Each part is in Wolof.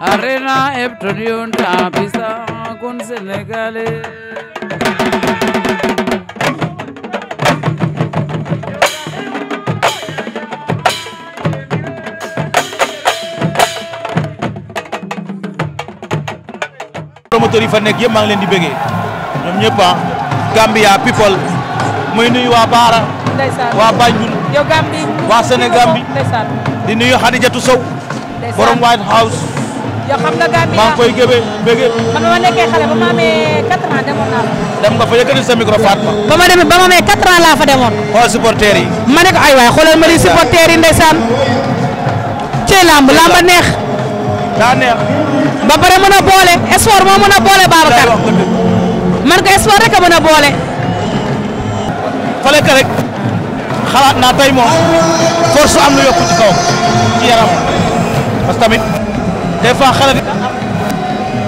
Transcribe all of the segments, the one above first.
Arena Hebton yon tapisa kun Sénégalais promoteur yi fa nekk yëpp maa ngi leen di bëggee ñoom ñëpp ah, Gambia people muy nuyu waa Baara waa Banjul waa Sénégal di nuyu Xadijatu Sow borom White House maa ngi koy gëbe bëgge man ba ma nekkee xale ba ma amee 4 ans demoon naa fa dem nga fa yëkkati demoon xool supporters yi ne ko ay waay xoolal ma di supporters yi ndeysaan cee lamb lamba neex daa neex ba pare mën a boole sport moo mën a boole Babacar man ko sport rek a a boole fale ka rek xalaat naa tey moom force am lu yokku ci kaw ci yaram parce que tamit des fois xale bi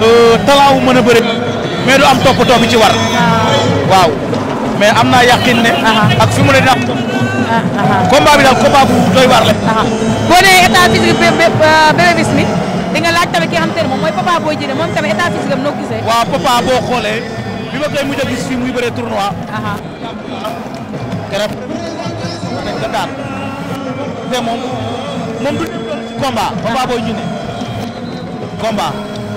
euh, talent mën a bëri mais du am toppatoo bi ci war waaw mais am naa yaqin ne ak fi mu ne dina am combat bi daal combat bu doy waar la boo nee état physique Bébé Bismi di nga laaj tamit ki xam te moom mooy Papa Boy Djiné moom tamit état physique am noo gisee waaw Papa boo xoolee bi ma koy mujj a gis fii muy bëree tournoi daan te moom moom du ci combat combat booy ñu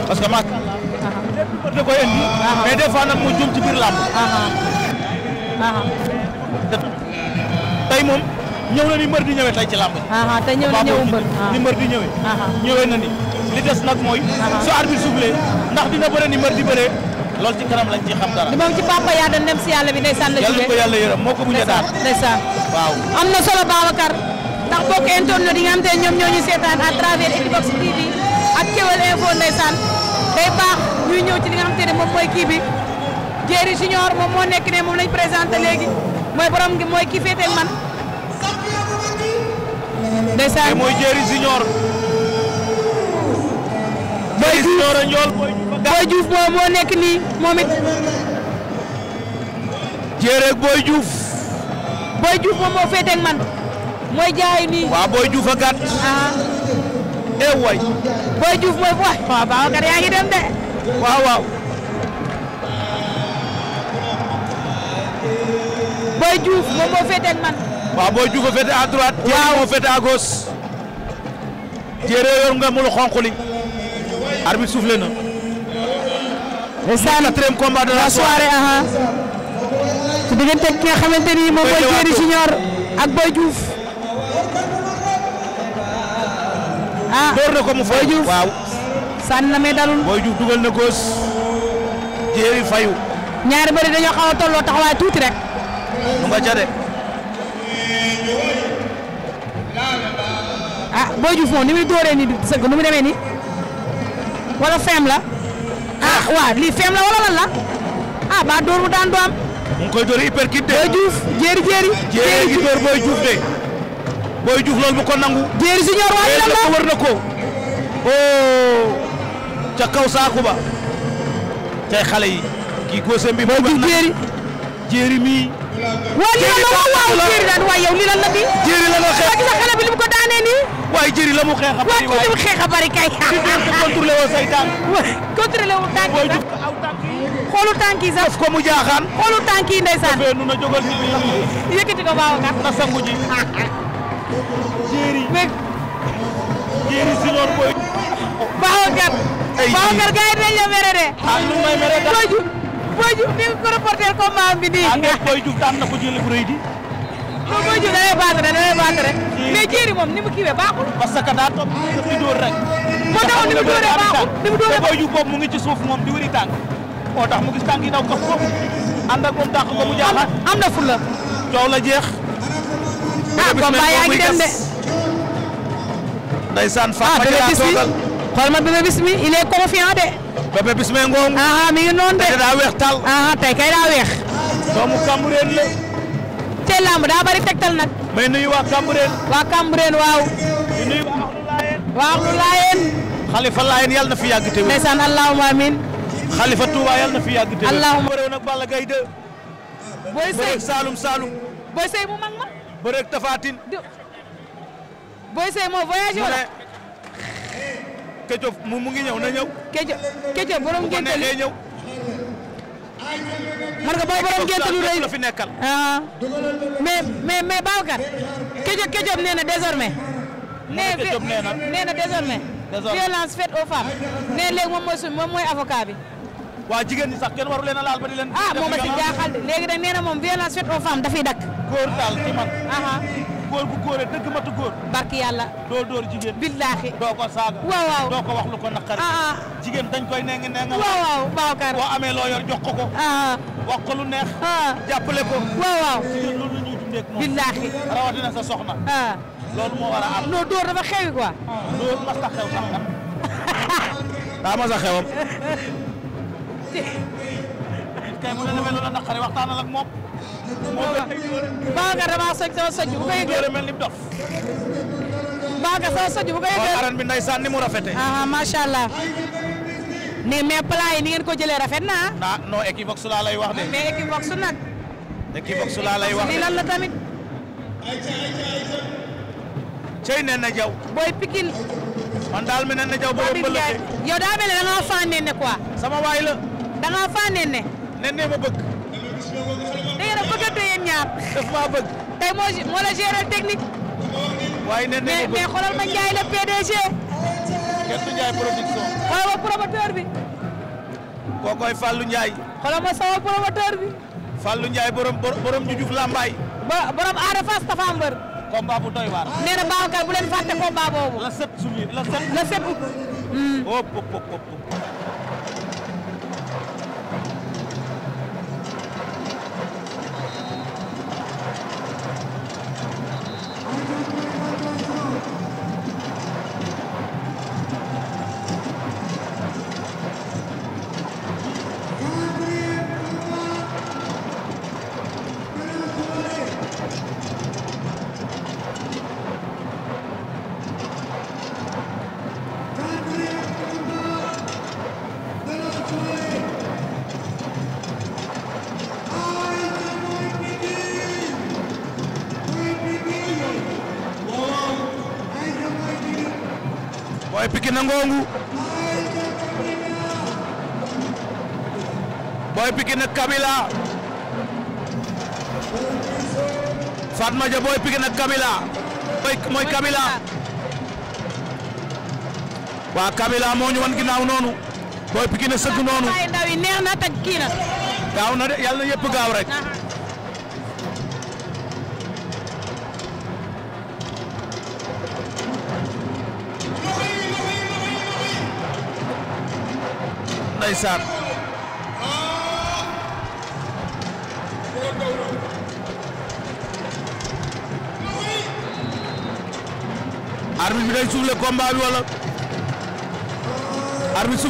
parce que macha allah da koy indi mais des nag mu jum ci biir tey moom ñëw na ni mbër di ñëwee tey ci làmb ah, ah, te ñëw na ñëw mbër ni mbër di ñëwee ah, ñëwee na ni li des nag mooy su arbitre soufflé ndax dina bëre ni mbër di bëree loolu ci kanam lañ ci xam dara. li moom ci papa yaa dem si yàlla bi ndeysaan la yàlla ko moo ko mujjee daal ndeysaan am na solo Babacar ndax bokk internet yi nga xam te ñoom ñoo ñu seetaan à travers Equivox TV ak Kewel Info ndeysaan day baax ñuy ñëw ci li nga xam te ne moom mooy kii bi Jéeri Junior moom moo nekk ne moom lañ présenté léegi mooy borom gi mooy kii féete man ndeysaan mooy Jéeri Junior Jéeri Junior a njool Boy Diouf moo moo nekk nii moom it. jéeréeg Boy Diouf. Boy Diouf moom moo féetee ak man mooy jaay nii. waaw Boy Diouf a gàtt. ah. eh waay. Boy Diouf mooy waay. waaw Babacar yaa ngi dem de. waaw waaw. Boy Diouf moom moo féetee ak man. waaw Boy Diouf a féetee à droite. waaw moo féetee à gauche. jéeréer yor nga mu lu xonq li. arbitre soufflé na. ndeysaan quatrième combat de la soirée ah ah. diggante ki nga xamante ni moom mooy Jéeri Junior ak Boy Diouf ah door na ko mu fay waaw sànni na may dalul Boy Diouf dugal na góos Jéeri fayu ñaari bëri dañoo xaw a tolloo taxawaay tuuti rek mu nga ca de ah Boy Diouf moom ni muy dooree ni sëgg nu mu demee nii wala feem la ah waaw lii feem la wala lan la ah ba dóor mu daan du am. koy dóor hyperkit de. jéeri jéeri. jéeri gi dóor ko nangu. jéeri si lan la war na ko. oh ca kaw saako ba. xale yi. kii bi. jéeri. la la bi. la xeex. gis nga xale ko daanee waaye jëri la mu xeex a bari waaye a bari kay. di say tànk. contrôlé tànk yi sax xoolu tànk yi sax. parce mu jaaxaan. xoolu yi ndeysaan. yëkkati ko baaw a kat. na sangu ji. jëri. si noor booy. baaw a kat. ay jëri baaw a mere de. booy ju booy ju ni ko reporter bi nii. ah booy ju daan na ko jëlee bu di. moom mooy jiw baat rek da lay moom ni mu kiiwee baaxul. parce que daa topp di dóor rek. moo taxoon ni mu dóoree baaxul ni mu dóoree mu ngi ci suuf moom di wëri tànk. moo tax mu gis tànk yi daw ko foofu ànd ak moom dàq ko mu jaaxal. am na fula. coow la jeex. ah combat yaa ngi dem de. Ah, ah, ah, daa weex tal. tey kay daa weex. doomu Cambérène la. tey làmb daa bari tegtal nag. may nuyu waa Cambérène. waa waa Laayeen. waa Laayeen. Xalifa na fi yàgg te wér. ndeysaan allahumma amiin. Xalifa Touba yàlla na fi yàgg te wér. allahumma bëreew nag Balla Gaye 2. Saalum Saalum. Boy mu mag ma. ngi ñëw na ñëw. Kéjëf Kéjëf borom ngénte li man nga booy borom gént lu rëy la fi nekkal ah mais mais mais Babacar Ketchup Ketchup nee na désormais nee na nee na désormais violence faite aux femmes nee léegi moom mooy suñ moom mooy avocat bi jigéen ñi sax kenn waru leen a laal ba di leen ah moom a si jaaxal léegi nag moom violence faite aux femmes dafay dakk góor daal ci góor bu góoree dëgg matu góor barki yàlla doo dóor jigéen billaahi doo ko waaw waaw doo ko naqari ah, ah. jigéen dañ koy nengi nenga waaw waaw Babacar boo amee loo yor jox ko ko ah, wax ko lu neex jàppale ko waaw waaw jigéen loolu ñuy dundee moom billaahi rawatina sa soxna loolu moo war a am non dóor dafa xewi quoi dóor mas ta xew sax daa mas xewam kay mu ne demee loola naqari waxtaanal ak moom Baaga damaa soj sama soj bu ko yëgee mel ni dof Baaga sama soj bu ko yëgee aran bi ndeysaan ni mu rafetee ah macha allah mais yi ni ngeen ko jëlee rafet na ah non laa lay wax de mais Equivox nag laa lay wax de lan la tamit cey nee na jaw booy pikin man daal mi nee na jaw booy bëlëte yow daa mel ne da nga faa nenne quoi sama waay la da nga faa nenne nenne ma ñaar. daf bëgg. tey moo moo la gérer technique. waaye nee nañ mais xoolal ma Ndiaye la PDG. kenn du Ndiaye production. xoolal ma promoteur bi. kookoy Fallou Ndiaye. xoolal ma sama promoteur bi. Fallou Ndiaye borom borom ñu juf lambaay. ba aada fas tafa mbër. combat bu doy waar. nee na Babacar bu leen fàtte combat boobu. la sept juillet la sept. la sept août. Hmm. hop hop hop. Pikine ngongu Boy Pikine Kabila Fatma Dia Boy Pikine Kabila mooy Kabila waa Kabila moo ñu wan ginnaaw noonu Boy Pikine sëgg noonu gaaw na de yàlla na yëpp gaaw rek ndeysaan arbitre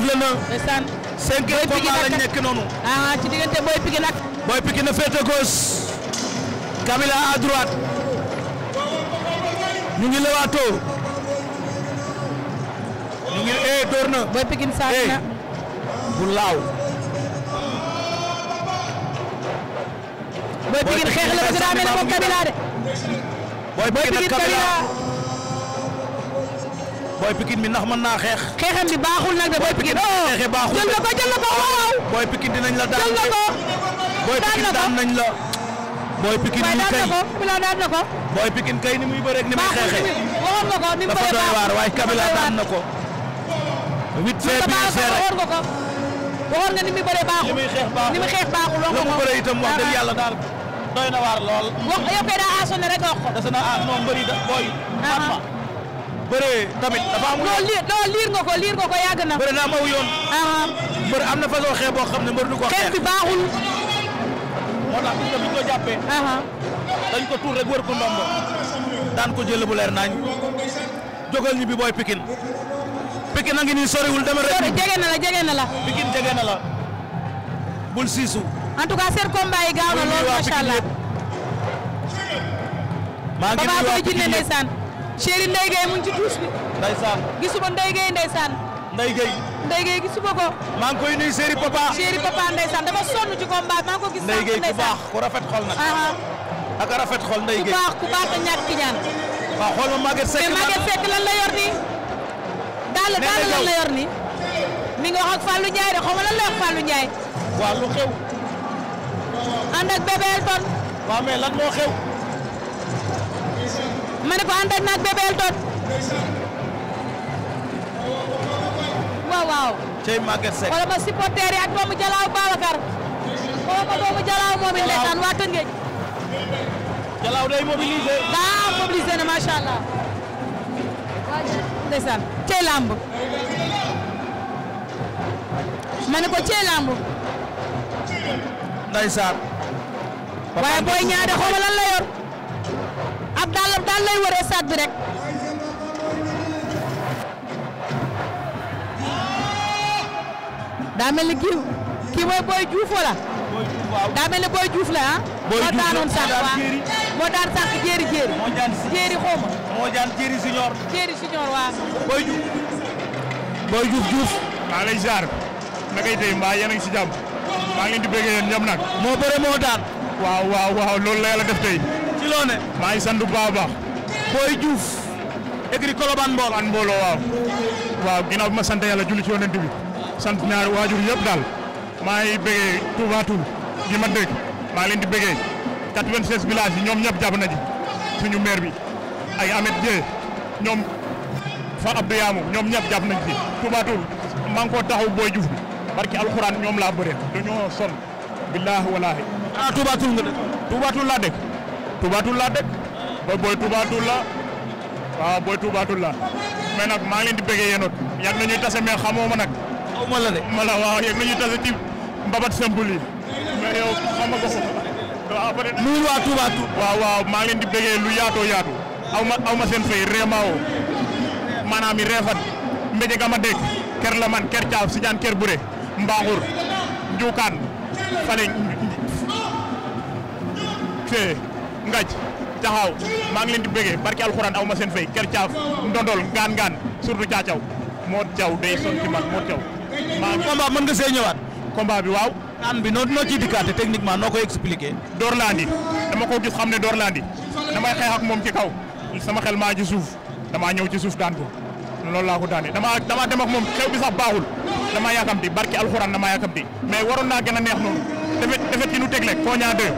bi na ndeysaan cinquième combat lañ nekk ah, Kabila à ñu ngi lewaatoo ñu ngi eh door na Boy Pikine sax eh, na bu laaw. booy Pikine xeex la parce que daa mel ne moom Kabila de. booy Pikine Kabila booy Pikine mi ndax mën naa xeex. xeexam bi baaxul nag de booy Pikine. xeexe baaxul jël na ko jël na ko waaw. booy Pikine dinañ la daan jël na ko. booy Pikine daan nañ la. booy Pikine ñu kay waaye daan na ko booy Pikine kay ni muy bëreeg ni muy xeexee. waxoon nga ko ni mu bëree baaxul dafa doy waar waaye Kabila daan na ko. 8 février waxoon nga ni muy bëree baaxul. ni muy xeex baaxul ni muy xeex loo ko moom bëree itam wax dëgg yàlla doy na waar lool. wax daa aasonné rek wax ko. na ah non da booy. ma bëree tamit dafa am. loolu liir loolu liir na. bëri naa ma aw yoon. mbër am na façon xeex boo ne mbër du ko. xeex bi baaxul. moo tax ñu ko jàppee. dañ ko tuur rek wër ko ko booy pikin Pikine a ngi nii soriwul dama rek. jege na la jege na la. Pikine jege na la. bul siisu. en tout cas seen combat yi gaaw na lool macha allah. maa ngi nuyuwaat Pikine yëpp mu ci douche bi. ndeysaan gisuma Ndeye Gueye ndeysaan. Ndeye Gueye. Ndeye Gueye gisuma maa ngi koy nuyu chéri papa. chéri ko gis. Ndeye Gueye ku baax ku rafet xol nag. ak ku baax ku baax a ñàkk ki ñaan. waaw xool ma Maguette Seck lan la yor nii. daal daal lan la yor nii. mi ngi wax ak Fallou Ndiaye de xaw ma lan la wax Fallou Ndiaye. waaw lu xew. ànd ak bébé Elton. waaw mais lan moo xew. ma ne ko ànd ak naag bébé Elton. waaw waaw. cey Maguette Seck wala ma supporter yi ak doomu Jalaaw Babacar. wala ma doomu Jalaaw moom it ndeysaan waa Tëngéej. Jalaaw day mobiliser. daa mobiliser na macha allah. ndeysaan làmb ma ko cey làmb waaye booy ñaade xoma lan la yor ab daal ab daal lay wëree saat bi rek daa mel ni kii kii booy juuf wala daa mel ni booy juuf la ah? moo daanoon sànq jéeri jéeri jéeri xooma moo jaan Thierry Junior. Thierry Junior waaw. Boy Diouf. Boy Diouf Diouf. maa lay ziar. nakay tey mbaa yéen a ngi si jàmm. maa ngi leen di bëggee yéen ñoom nag. moo bëre moo daan. waaw waaw waaw loolu la yàlla def tey. ci maa ngi sant bu baax a baax. Boy Diouf. écrit Colobane Mbolo. Colobane Mbolo waaw. waaw ginnaaw bi ma sant yàlla julli ci yonent bi. sant ñaari waajur yëpp daal. maa ngi bëggee Touba Toul. ma dégg. maa leen di bëggee. 96 villages yi ñoom ñëpp jàpp nañu. suñu maire bi. ay Amet Dieng ñoom fa Abdou Yaamu ñoom ñëpp jàpp nañ ci tubatul maa koo taxaw booy Juuf bi barki alxuraan ñoom laa bëree dañoo sonn billaahi walaahi ah tubatul nga dëkk tubatul laa dëkk booy booy tubatul la waaw booy tubatul la mais nag maa ngi di bëggee yéenoot yàgg nañuy tase mais xamoo ma nag aw waaw yàgg nañuy tase ci mbabat simple yi mais yow xam nga waaw waa di bëggee lu yaatoo yaatu aw ma aw ma seen fay réemaawo maanaam i reefat mbéje dégg ker la man ker caaf si jaan ker bure mbaaxur njuukaan fale fee ngaj taxaw maa ngi leen di bëggee barki alxuraan aw ma seen fay ker caaf ndondol ngaan ngaan surtout caacaw moo caw day son ci man moo caw maa ngi nga see ñëwaat kombaa bi waaw aan bi noo noo ciy dikkaate techniquement noo koy expliquer door dama ko gis xam ne door damay xeex moom ci kaw sama xel maa ci suuf damaa ñëw ci suuf daan ko loolu laa ko daane damaa damaa dem ak moom xew bi sax baaxul damaa yàkkamti barki alxuraan damaa yàkkamti mais waroon naa gën a neex noonu defet defet yi nu teg rek koo ñaa deux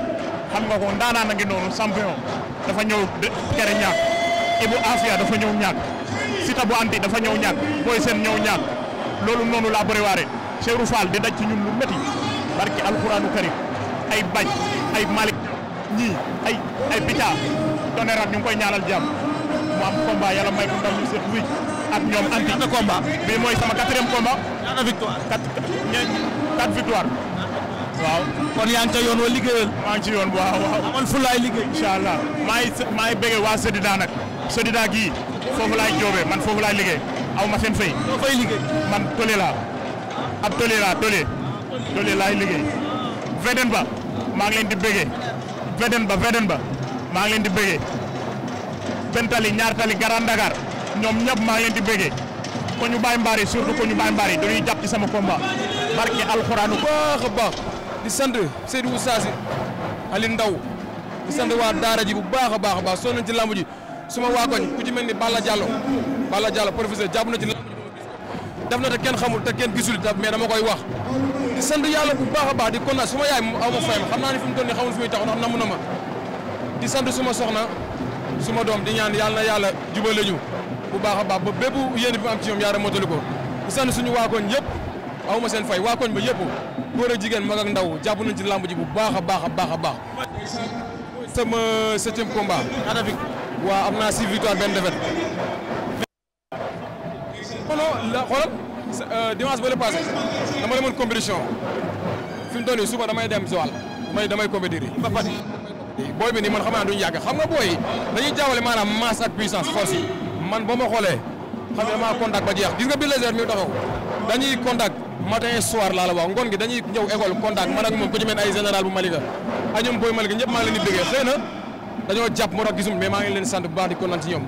xam nga ko ndaanaan a ngi noonu champion dafa ñëw kere ñaak Ibu Afia dafa ñëw ñaak Sita bu anti dafa ñëw ñaak Boy Sène ñëw ñaak loolu noonu laa bëri waare Cheikh Fall di daj ci ñun lu métti barki alxuraanu karim ay bañ ay Malick ñii ay ay Bita Tonnerre ñu ñaanal jàmm mu am combat yàlla may ko ndam set wicc ak ñoom anti nga combat bii mooy sama quatrième combat. ñaata victoire quatre victoire. kon yaa yoon wa liggéeyal. maa ngi liggéey. incha allah maa ngi waa Sedida nag Sedida gii foofu laay man foofu liggéey aw ma seen man tole ab tole laa liggéey. Veden maa ngi leen di bëggee Veden maa ngi leen di bëggee benn tali ñaar tali Grand ñoom ñëpp maa ngi leen di bëggee ko ñu bàyyi mbaar yi surtout ko ñu bàyyi mbaar yi dañuy jàpp ci sama combat barke alxuraanu baax a baax di sant Seydou Oustaz Ali Ndaw di sant waa daara ji bu baax a baax a baax sonn nañ ci lamb ji suma waa koñ ku ci mel ni Balla Diallo Balla Diallo professeur jàpp na ci lamb ji daf na te kenn xamul te kenn gisul mais dama koy wax di sant yàlla bu baax a baax di kontaan suma yaay moom aw ma fayam na mu na ma di sant suma soxna suma doom di ñaan yàlla na yàlla jubale ñu bu baax a baax ba bépp yéen bi am ci ñoom yàlla mottali ko di suñu waa koñ yëpp aw ma seen fay waa koñ ba yëpp góor jigéen mag ak ndaw jàpp nañ ci làmb ji bu baax a baax a baax a baax. sama septième combat. Adafik waa am naa six victoire benn défaite. non la xoolal euh, dimanche ba le passé dama demoon compétition fi mu toll nii suba damay dem Joal damay damay compétir booy bi nii man xam naa duñu yàgg xam nga booy dañuy ma xoolee xam gi dañuy ñëw école contact man ak moom ku ci mel ay général bu Malika ak ñoom booy Malika ñëpp maa ngi leen di déggee jàpp moo tax gisum mais maa ngi leen sant baax di kontaan ci ñoom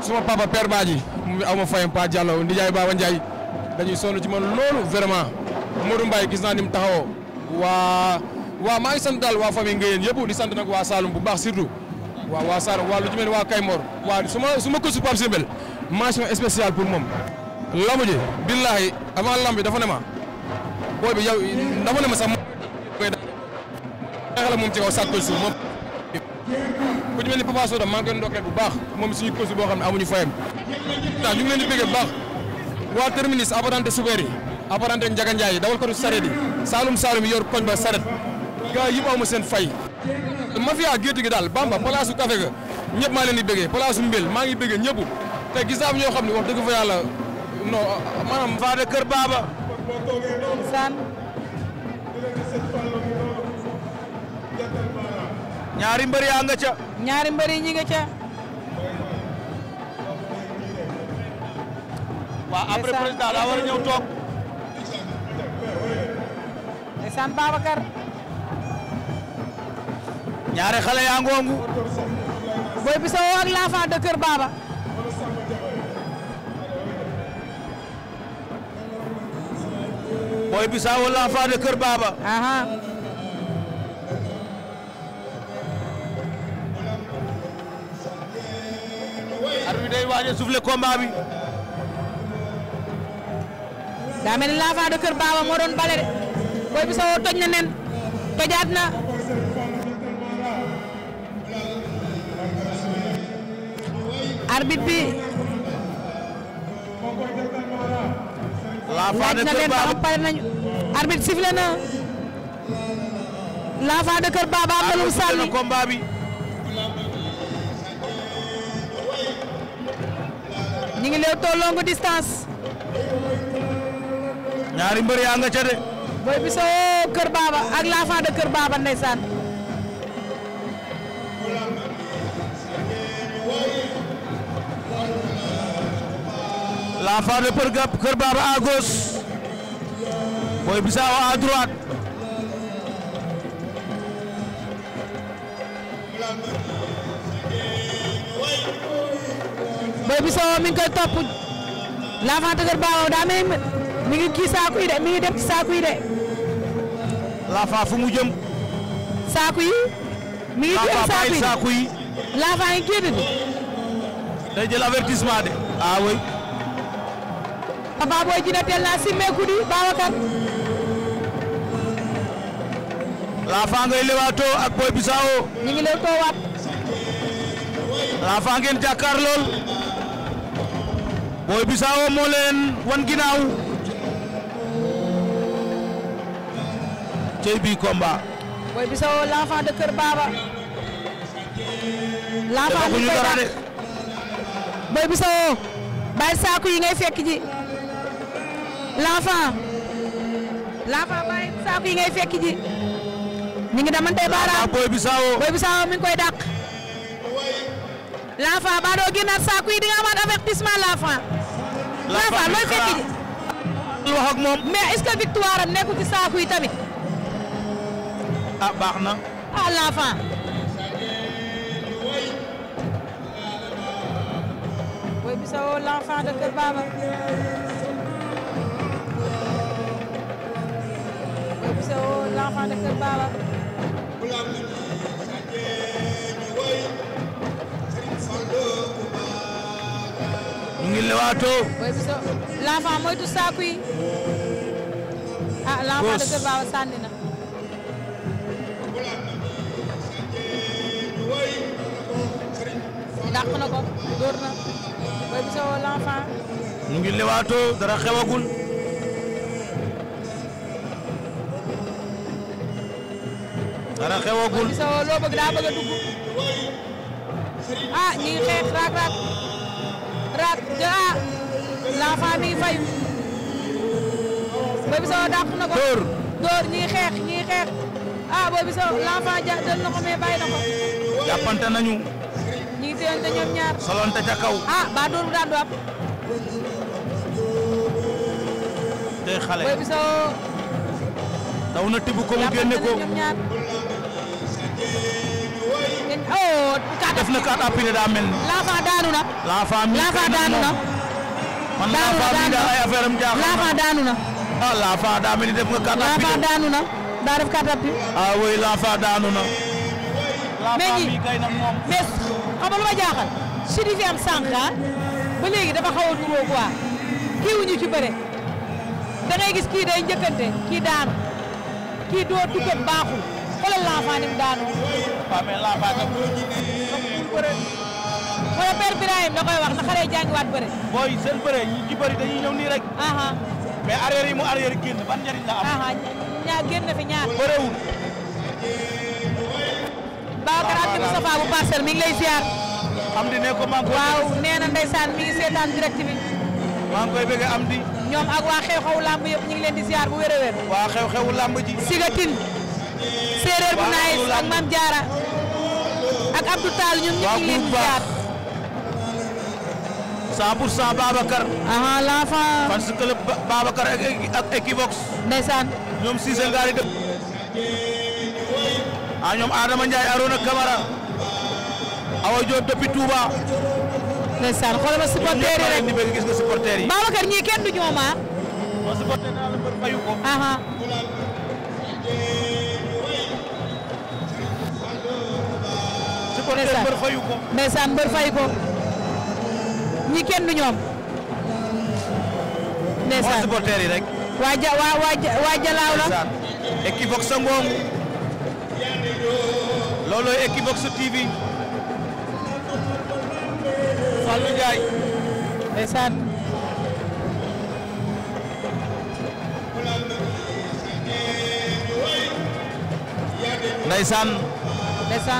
suma papa père Badji mu aw ma fayam Pa Diallo Ndiaye Baba Ndiaye dañuy sonn ci man loolu vraiment Modou Mbaye gis naa ni taxawoo waa waaw maa ngi sant daal waa famille Ngéyeen yëpp di sant nag waa Saloum bu baax surtout waaw waa Saloum waa lu ci mel waa Kaymor waa su ma su ma ko su Pape Simbel mention spéciale pour moom lamb ji billahi avant lamb dafa ne ma booy bi dafa ne ma sax koy daxela moom ci kaw sàkk ku ci mel ni Papa Soda maa ngi koy ndokkeel bu baax moom suñu kosu boo xam ne amuñu fayam tax ñu ngi leen di bëggee bu baax waa terminus apparenté super yi apparenté Njaga Njaay dawal ko du saret gars yëpp aw ma seen fay. mafia gétt gi daal bamba place su café ga ñëpp maa leen di bëggee place maa ngi bëggee ñëpp te gis naa ñoo xam ne wax dëgg fa yàlla non maanaam. Fade Kër Baba. ñaari mbër yaa nga ca. ñaari mbër yi ñi nga ca. waaw après président daa war a ñëw toog. San Babacar. ñaari xale yaa ngongu Boy Bissau ak l'enfant de Kër Baba Boy Bissau l'enfant de Kër aha arbitre day waaj a souffler combat bi daa mel ni moo doon bale de Boy Bissau toj na nen tojaat na arbitre bi la fa de kër baaba pare nañu arbitre sifflé na bi ñu ngi leew too longue distance ñaari mbër yaa nga ca de boy biso kër baaba ak la fa de kër baaba ndeysaan l'enfant de Kër Baba à gauche Boy Bissau à droite Boy Bissau mi ngi koy topp l'enfant de Kër Baba daa mel mi kii saako yi de mi ngi def ci saako de. l'enfant fu mu jëm. saako yi. mi ngi jëm saako yi l'enfant yi génn. jël avertissement de ah oui. Papa Boy Djiné teel naa simmeeku di Babacar laafaa ngay lewaatoo ak Boy Bissau ñi ngi lew too waat laafaa ngeen jàkkaar lool Boy Bissau moo leen wan ginnaaw cey bi combat Boy Bissau l'enfant de Kër Baba l'enfant de Kër Baba Boy Bissau bàyyi saaku yi ngay fekk ji l'enfant l'enfant bàyyi saako yi ngay fekk ji ñu ngi damantey baaraam ah, booy bi booy bi saawo mi ngi koy dàq l'enfant ba doo génnaat saako yi di nga amaat avertissement l'enfant looy fekk ji wax ak moom mais est-ce que victoire am nekku ci yi tamit ah baax na ah l'enfant Lo, l'enfant de Kër mu ngi lewaatoo. booy biso l'enfant moytu saako yi. ah l'enfant de Kër Baba sànni na. dàq ko dóor na booy biso l'enfant. mu ngi lewaatoo dara xewagul. dara xewagul loo bëgg daa bëgg a dugg ah ñi xeex raak raak raak ah la femme mi ngi fayu boobu dàq na ko dóor dóor ñi xeex ñi xeex ah boobu soo l'enfant ja na ko mais bàyyi na ko jàppante nañu ñi ngi téyante ñoom ñaar solonte ca kaw ah ba dóor bu daan du am tey xale boobu soo taw na tibb ko mu génne ko Oh, def na quatre appuis daa mel ni. daanu na. laafa daanu na. man laafa mi na laafa daanu na. ah daa def nga quatre appuis. daanu na daa def quatre appuis. ah jaaxal. si di ah, ba léegi dafa xaw a nuroo kii wu ci bëre da ngay gis kii day njëkkante kii daanu kii doo dugg baaxul xoolal laafa ni mu waaw wala père Birahim da koy wax na xale jàngiwaat bëre. booy seen bëre ñi ci bëri dañuy ñëw nii rek. mais arrière yi mu arrière génn ban njëriñ la am. ñaar na fi ñaar. bërewul. Babacar Anta Moustapha bu parcelle mi lay ziar. am di ne ko maa koy. waaw bi. maa ngi koy bëgg am di. ñoom ak waa xew-xewu lamb yëpp ñu ngi leen di ziar bu wér a wér. waa xew-xewu lamb ji. sigatin séeréer bu naay ak Mame Diarra ak Abdou Tall ñoom ñu ngi leen di jaar. 100 pour 100 Babacar. ah l'enfant. parce que le Babacar ak ak ñoom Cissé Ngari dëpp. ah ñoom Adama Ndiaye Arona Camara. Awa Diop depuis Touba. ndeysaan ma supporter yi ñii kenn du ñoom ah. ndeysaan ndeysaan mbër fayu ko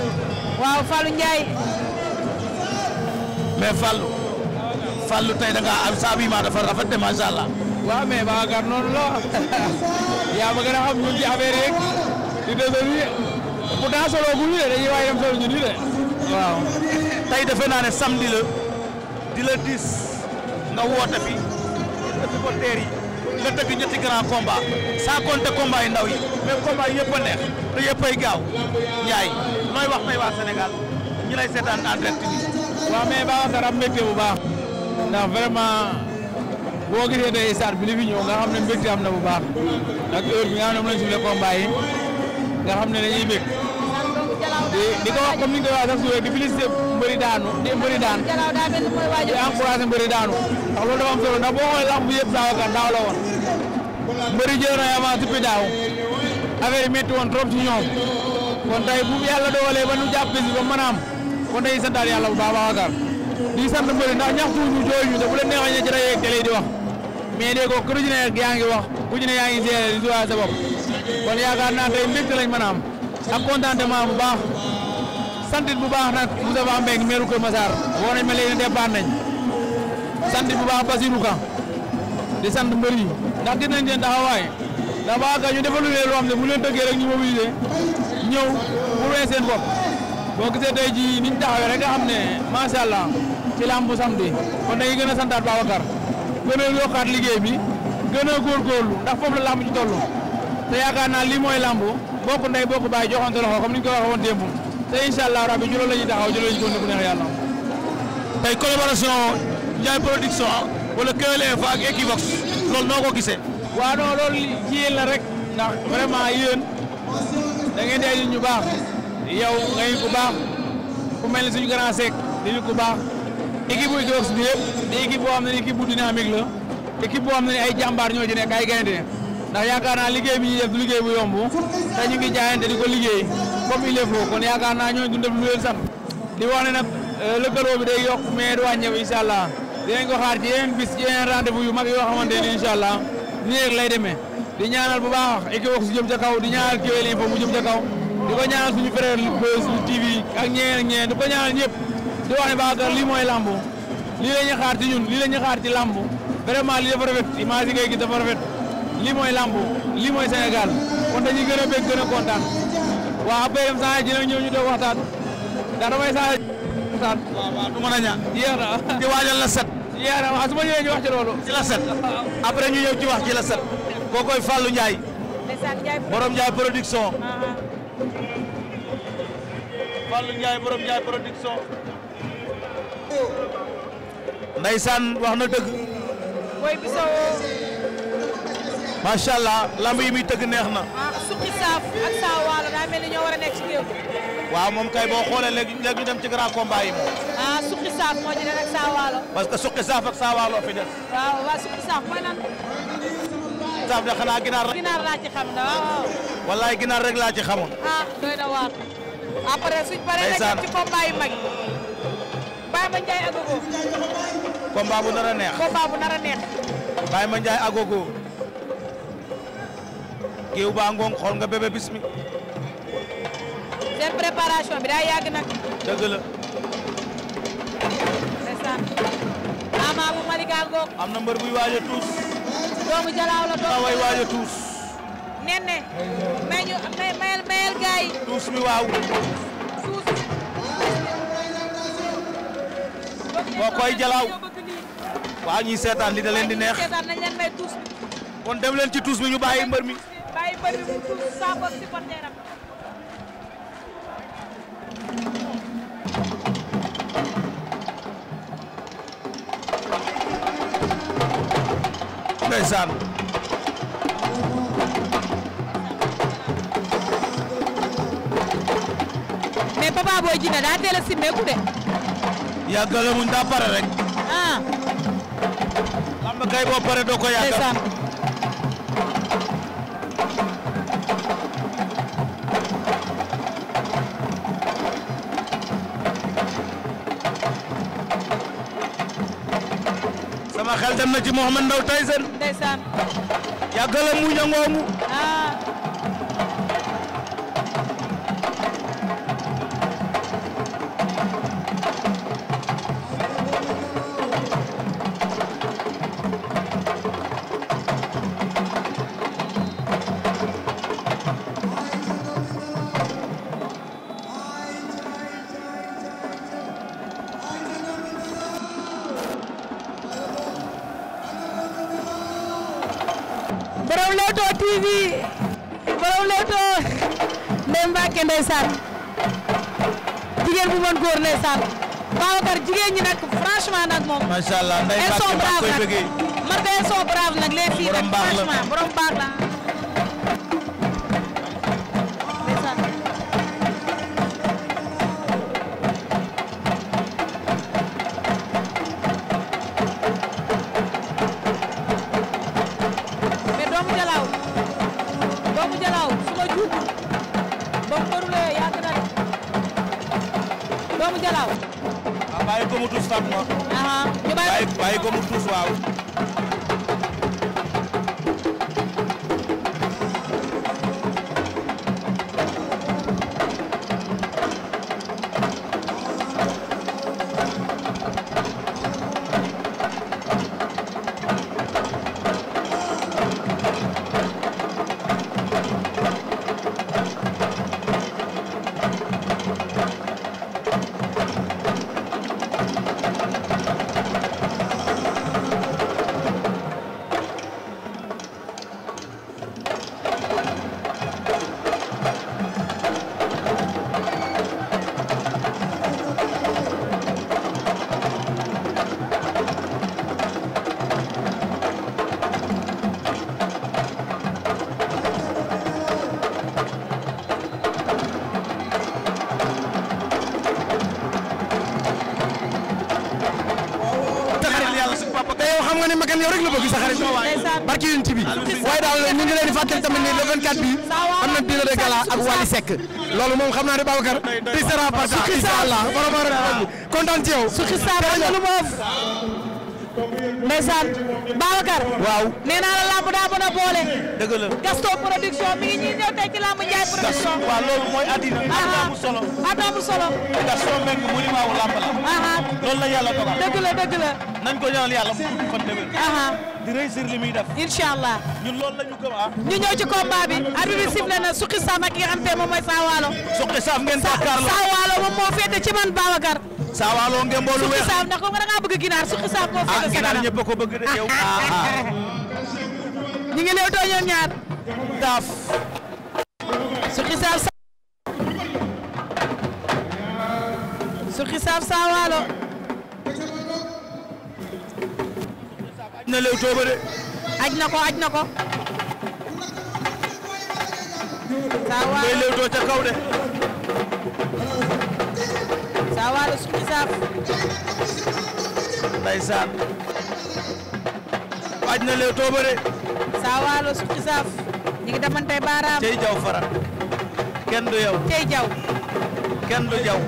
ñi waaw Fallou Ndiaye. mais Fallou. Fallou tey da ngaa am maa dafa rafet de macha allah. waaw mais noonu la yaa ma a xam ñun ci affaire yeeg di désolé pourtant solo bu ñu de dañuy ñu di de. waaw tey defe naa ne samedi la di dis nga woote fi nga tëgg ñetti grand combat sans compter combat ndaw yi mais combat yëpp neex te yëpp gaaw Ndiaye. looy wax tey waa ñu lay seetaan en direct baa waaw mais Babacar am mbégte bu baax ndax vraiment boo gisee tey stade bi li ñëw nga xam ne mbégte am na bu baax ak heure bi nga xam ne moom lañ suñu nga xam ne dañuy bég di di ko wax comme ni nga ko waxee sax suwee di félicité mbëri daanu di mbëri daan di encouragé mbëri daanu ndax loolu dafa am solo ndax boo xoolee lamb yëpp daaw kan daaw la woon mbëri jël na avance depuis daaw affaire yi woon trop ci ñoom. kon tey bu yàlla dogalee ba nu jàpp bis bi ba mën a am kon santaat yàlla bu baax a baax di sant mbëri ndax ñaxtuwuñu jooyuñu te bu leen neexee di wax mais de ko ku ci ne yaa ngi wax ku ci ne yaa ngi seere di suwaay sa bopp kon yaakaar naa tey mbégte lañ mën a am ak contentement bu baax santit bu baax nag Moussa Ba Mbengue meeru Kër Massar woo nañ ma léegi départ nañ santit bu baax Basirou Ka di sant mbër yi ndax gis nañ seen taxawaay ndax baax ñu defaluñu loo ne bu leen tëggee rek ñëw mu wee seen bopp boo gisee tey jii niñ taxawee rek nga xam ne macha allah ci làmb samedi kon dañuy gën a santaat Babacar gën a yokkaat liggéey bi gën a góorgóorlu ndax foofu la làmb ci toll te yaakaar naa lii mooy làmb bokk ndey bokk bàyyi joxante loxo comme ni ñu ko waxee woon démb te incha allah rabbi juróom la ñuy taxaw juróom la ñuy góorgóorlu bu neex yàlla. tey collaboration Ndiaye production wala Kewel Info ak Equivox noo ko gisee. waaw non loolu ci la rek ndax vraiment da ngeen di ay nit ñu baax yow nga nit ku baax ku mel ni suñu grand sec di nit ku baax équipe bu Equivox bi yëpp di équipe boo xam ne équipe bu dynamique la équipe boo xam ne ay jàmbaar ñoo ci nekk ay gaynde ndax yaakaar na liggéey bi ñu def du liggéey bu yomb te ñu ngi di ko liggéey comme il le faut kon yaakaar naa ñooñu duñ def lu leen sant di wax nag euh, lëkkaloo bi day yokk mais du wàññeeku incha allah dinañ ko xaar ci yeneen bis yeneen rendez-vous yu mag yoo xamante ne allah nii rek lay demee. di ñaanal bu baax Equivox su jëm ca kaw di ñaanal Kewel Info mu jëm ca kaw di ko ñaanal suñu frère Buzz TV ak ñeneen ak ñeneen di ko ñaanal ñëpp di wax ne Babacar lii mooy lamb lii la ñuy xaar ci ñun lii la ñuy xaar ci lamb vraiment lii dafa rafet image yi ngay gis dafa rafet lii mooy lamb lii mooy Sénégal kon dañuy gën a bég gën a kontaan waaw après dem saa dina ñëw ñu doon waxtaan ndax damay saa waxtaan. waaw waaw du mën a ñaan. yéex na di waajal la set. yéex na waaw su ma ñëwee wax ci la set après ñu ñëw wax ci la set. kookoy Fallou njaay borom Ndiaye production ah, ah. Fallou Ndiaye borom Ndiaye production ndaysaan wax na dëgg Boy Bissau lamb yi muy tëgg neex na ah, suqi saaf ak saa waalo daa ñoo war nekk ci géew waaw moom kay boo xoolee léegi léegi ñu dem ci grand combat yi saaf moo ci des ak saa parce que suqi saaf ak saa fi des waaw waaw suqi saaf mooy lan saaf de xanaa ginaar. ginaar laa ci xam waaw. wallaay ginaar rek laa ci xamoon. ah doy na waar. après suñ paree rek ci combat yu mag yi. Baye Ma Ndiaye agogo. combat bu nar a neex. combat bu nar agogo. géew ba ngoon nga bébé bismi. seen préparation bi daa yàgg nag. dëgg la. ndeysaan. Ama bu Malika am na mbër buy waaj tuus. doomu Jalaaw la doomu way waaja tuus. nee na may may mayal yi. tuus mi waaw. tuus. Jalaaw. waaw seetaan li da leen di neex. seetaan nañ may tuus mi. kon dem leen ci tuus mi ñu bàyyi mbër mi. bàyyi mbër mi mu tuus saa bopp supporteram. ndeysaan mais papa booy jinne daa teel a simmeeku de. yàggale muñ daa pare rek. ah. lamb kay boo pare doo ko yàggal xel dem na ci Mouhamed Ndao Tyson ndeysaan yàgg a borom Leewtoo TV borom Leewtoo ndey Mbàkke ndeysaan jigéen bu mën góor ndeysaan Babacar jigéen ñi nag franchement nag moom. macha allah ndey Mbàkke maa ngi koy bëggee elles nag man de elles franchement borom baax la. Gala ak Wally Seck loolu moom xam naa ne Babacar di sera par ça inshallah borom borom kontaan ci yow su xissa ba lu moof waaw nee naa la lamb daa mën a boole dëgg la Gaston production mi ngi ñuy ñëw tey ci lamb production waaw loolu mooy àddina àddina ah, solo àddina amul solo ah, Gaston meng mu ni maaw lamb la ah, loolu la yàlla dogal dëgg la nañ ko ñaanal yàlla mu kon dëgg aha di allah ñun loolu la ñu gëm ah. ñu ñëw ci combat bi. arbitre na ki nga moom mooy Saa Waalo. Suqi ngeen jàkkaarloo Saa Waalo moom moo féete ci man Babacar. Saa Waalo ngeen boolu weex Suqi Saam ndax ko da ngaa moo féete sa kanam. ah ginaar ñëpp a ko bëgg de xëccoo ba de. aj na ko aj na ko. saa waalo ngay léewtoo ca kaw de. saa waalo suñu saaf. ndeysaan. aj na léewtoo ba de. saa waalo saaf. ñu ngi demantey baaraam. jaw fara. kenn du yow. cey jaw. kenn du jaw.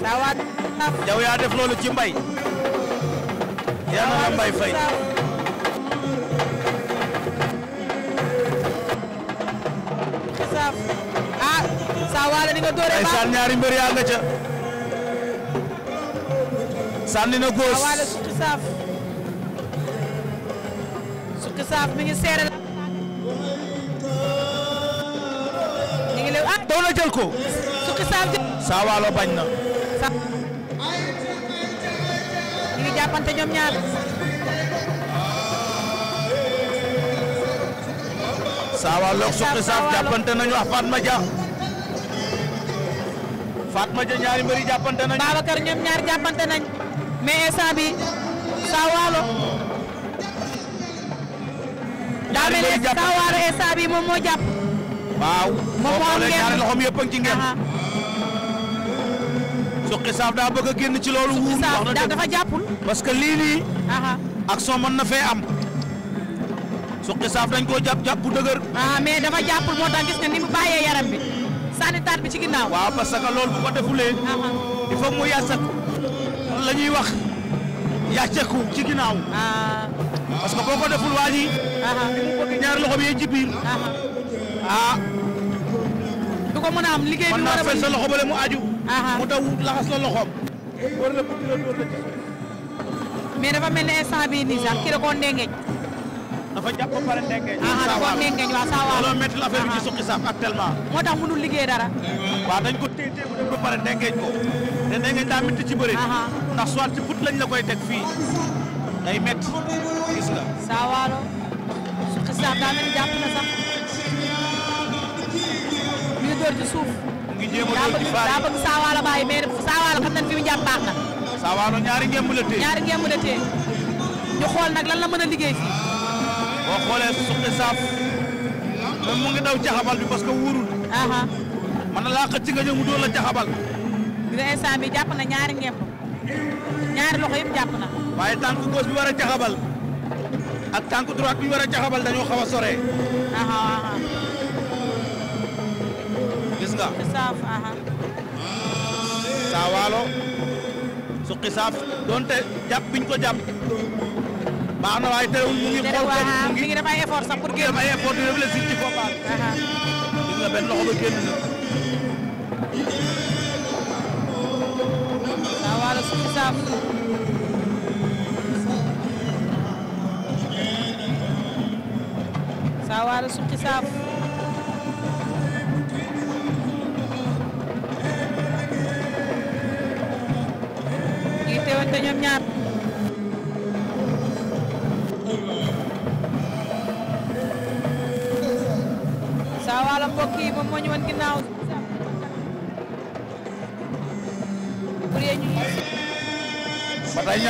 saa waalo. jaw yaa def loolu ci mbay. yàlla na la fay. jàmm ah saa waale ni nga doore baax ndeysaan ñaari mbër yaa na góos saa saaf sukki saaf mi ngi seere la ñu ngi lew ah! ko sukki saaf jël saa waalo bañ na ñu ngi jàppante ñoom ñaar Saawaloog Soxna Saaf jàppante nañu ak Fatma Dia. Fatma Dia ñaari mbëri jàppante nañu. Babacar ñoom ñaar jàppante nañ mais instant bi Saawalo. daa Saawalo instant bi moom moo jàpp. waaw moo am ñaari loxoom yëpp ci ngeen. Soxna Saaf daa bëgg génn ci loolu. wuur wax dafa jàppul. parce que lii nii. ak soo mën na fee am. suqi saaf dañ koo jàpp jàpp bu dëgër. ah mais dafa jàppul moo tax gis nga ni mu yaram bi sànni taat bi ci ginnaaw. waaw parce que loolu bu ko defulee. Ah, ah. il faut mu yàcceeku. loolu la ñuy wax yàcceeku ci ginnaaw. Ah. parce que boo ko deful waa ji. ñaar loxo bi yee ci biir. ah. du ko mën a am liggéey bi war a sa loxo bale mu aju. mu daw laxas la loxoom. war dafa mel ne instant bii nii sax ki da koo ndengeñ. dafa jàpp ba pare ndengeñ. Ah, ah, saawaar waaw saawaar ah, moo tax mënul liggéey dara. waaw dañ ko téye téye bu dee ba pare ndengeñ ko te ndengeñ daa métti ci bëri. ndax soit ci put lañ la koy teg fii day métti gis nga. saawaaro suqi saaf daa mel ni jàpp na sax mi ngi a door ci faar baax na. saawaaro ñaari ngemb la téye ñaari ngemb la téye ñu xool nag lan la mën a liggéey fii. boo xoolee suqi saaf moom mu ngi daw jaxabal bi parce que wóorul. man a xëcc nga ñëw mu doon la jaxabal. bi nga instant bi na ñaari ngemb ñaari loxo yëpp jàpp na. waaye tànk gauche bi war a jaxabal ak tànk droite bi war a jaxabal dañoo xaw a sore. gis nga. suqi saaf. saa ko jàpp. baax na waaye teewul ñu ngi xool kenn mi ngi def ay effort sax pour génn ay effort di réfléchir ci combat bi. gis nga benn loxo ba génn na. waaw wala suuf saaf. saa waara suqi saaf ñuy teewante ñoom ñaar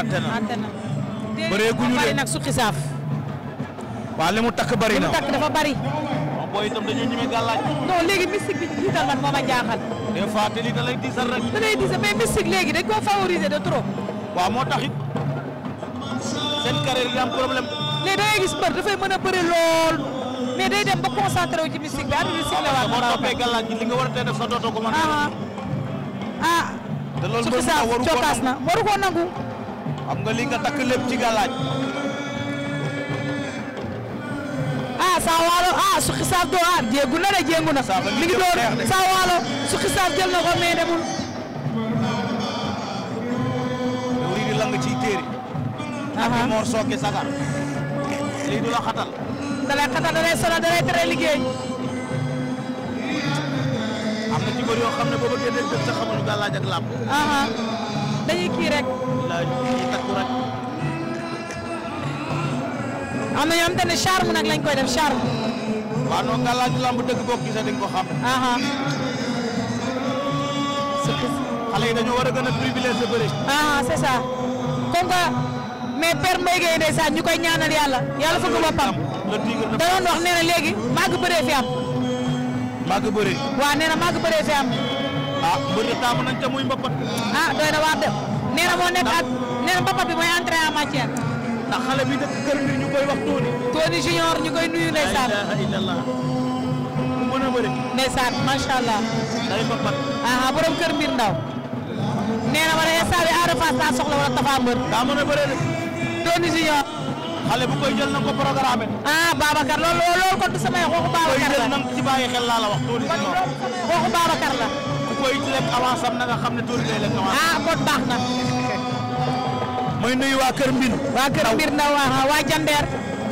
atte na atte na. bëree guñu de nag suqi saaf. waaw li mu takk bari na li mu takk dafa bari. waaw booy léegi mystique bi jiital man moo ma jaaxal. des te lii da lay diisal rek. da lay diisal mais mystique léegi dañ koo favoriser de trop. waaw moo tax it seen carrière yi problème. léegi da ngay gis mbër dafay mën a bëri lool mais day dem ba concentré wu ci mystique bi àdduna si la waat. moo toppee gàllaaj gi li nga war a def sa dootoo ko mën a. Ah, ah. te loolu mbër mi waru ko nangu xam nga li nga takk lépp ci galaaj ah saa waalo ah suqi saaf doo aar jéegu na de jéegu na mi ngi door saa waalo suqi saaf jël na ko mais demul wuri di lang ciy téere ak moor sooke lii du la xatal da xatal da lay sonal tere liggéey am na ci yoo xam ne boo bëggee def sa xamuñu galaaj ak làmb dañuy kii rek allah ñu ngi takku nag. am na ñoo xamante ne charme nag lañ koy def charme. waaw non nga laaj lamb dëgg boo gisee dañ ko a gën a privilégié bëri. c'est ça comme que mais Père Mbaye Gueye ndeysaan ñu koy ñaanal yàlla yàlla fukk boppam. da doon wax nee na léegi bëree fi am. màgg bëree. waaw nee na màgg bëree fi am. ah mbër ah, na waar de. nee moo nekk ak nee na bi mooy entrée en matière. ndax xale bi dëkk kër ñu koy wax Tony. Tony Junior ñu koy nuyu ndeysaan. la ilaha illallah. mu a bëri. ndeysaan macha allah. ndaw. nee na ma ne instant bi soxla wala Tapha Mbeur. daa mën a bëree de. Tony Junior. xale bu koy jël na ko programme ah Babacar loolu loolu kon du samay waxu Babacar la la. koy it lekk avance am na ah, baax na. may nuyu waa Kër Mbir. waa Kër Mbir ah, waa waa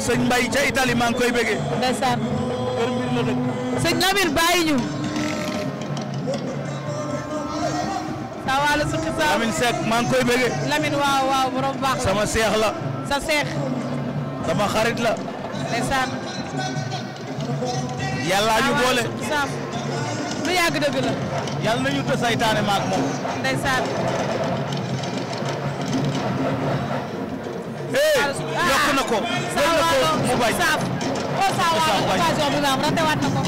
sëñ Mbaye ca Italie maa ngi koy bëggee. ndeysaan. Kër Mbir la dëkk. sëñ Lamine bàyyi ñu. saa waale suqi saa. Lamine Seck maa ngi koy bëggee. Lamine waaw waaw borom baax sama seex la. sa seex. sama xarit la. ndeysaan. yàlla ñu boole. lu yàgg dëgg la. yàlla nañu te saytaane maak moom. ndeysaan. Ah, yokk na ko. mu bañ saaf oh, occasion bu naam raté waat na ko.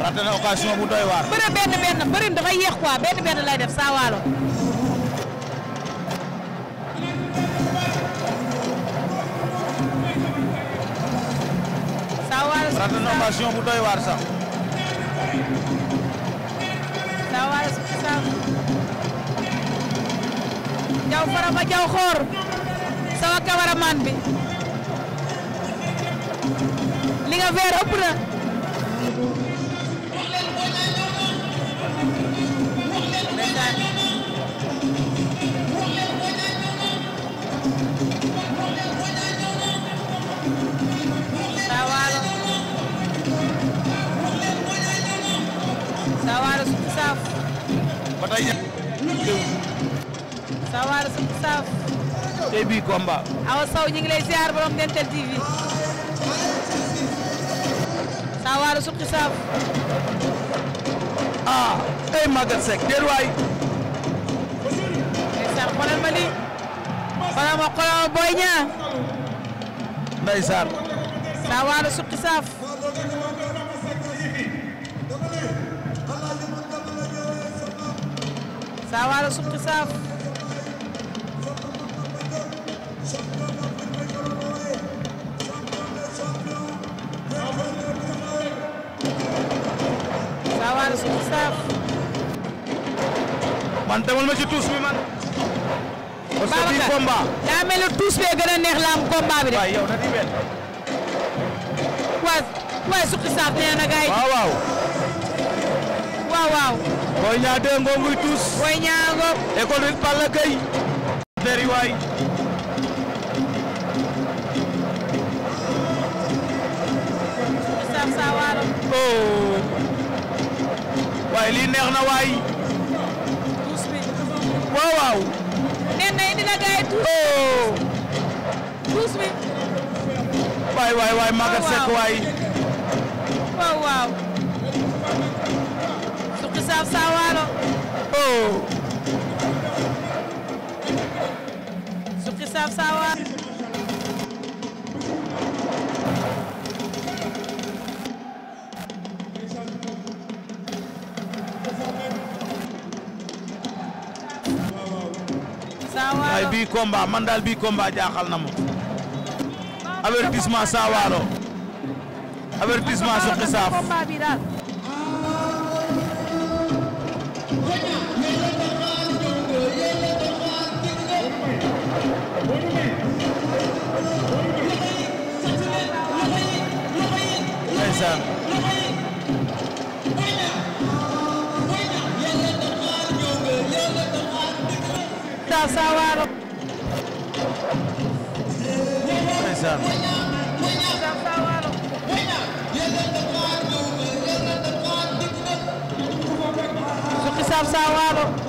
raté na bu doy waar. bëre benn benn bëri dafa yéex quoi benn benn lay def saa waalo. saa waalo. raté na occasion bu doy waar sax. waaye suñu saaf jaw farama jaw xoor sama cameraman bi li nga veer ëpp na jëw sawaar sum saaf tey bii awa saw ñu ngi lay ziar borom Dental TV sawaar suqi saaf ah ay magal sek déet waay ndeysaan xoolal ma li xoolal ma xoolal booy ñaa ndeysaan sawaar suqi saaf saawaara suqi saaf saawaara suqi saaf man demal ma ci tuus bi man parce que bii combat daa mel ne tuus bee gën a neex la am combat bi de waaye yow na di mel waaw waaye suqi saaf nee na gaay waaw waaw waaw waaw. Boy Niang de Ngom muy tuus. Boy Niang Ngom. école bi Balla Gaye. deri waay. oh. waaye lii neex na waay. tuus bi. waaw waaw. nee na indi la gars yi tuus. oh. tuus bi. waay waay waay Maguette Seck waay. waaw waaw. Jaraaf saa waalo oh Sukhi Saaf saa waalo waaye bii combat man daal bii combat jaaxal na ma avertissement saa waalo avertissement Sukhi Saaf ndeysaan da sawaro ndeysaan da sawaro so xisaab sawaro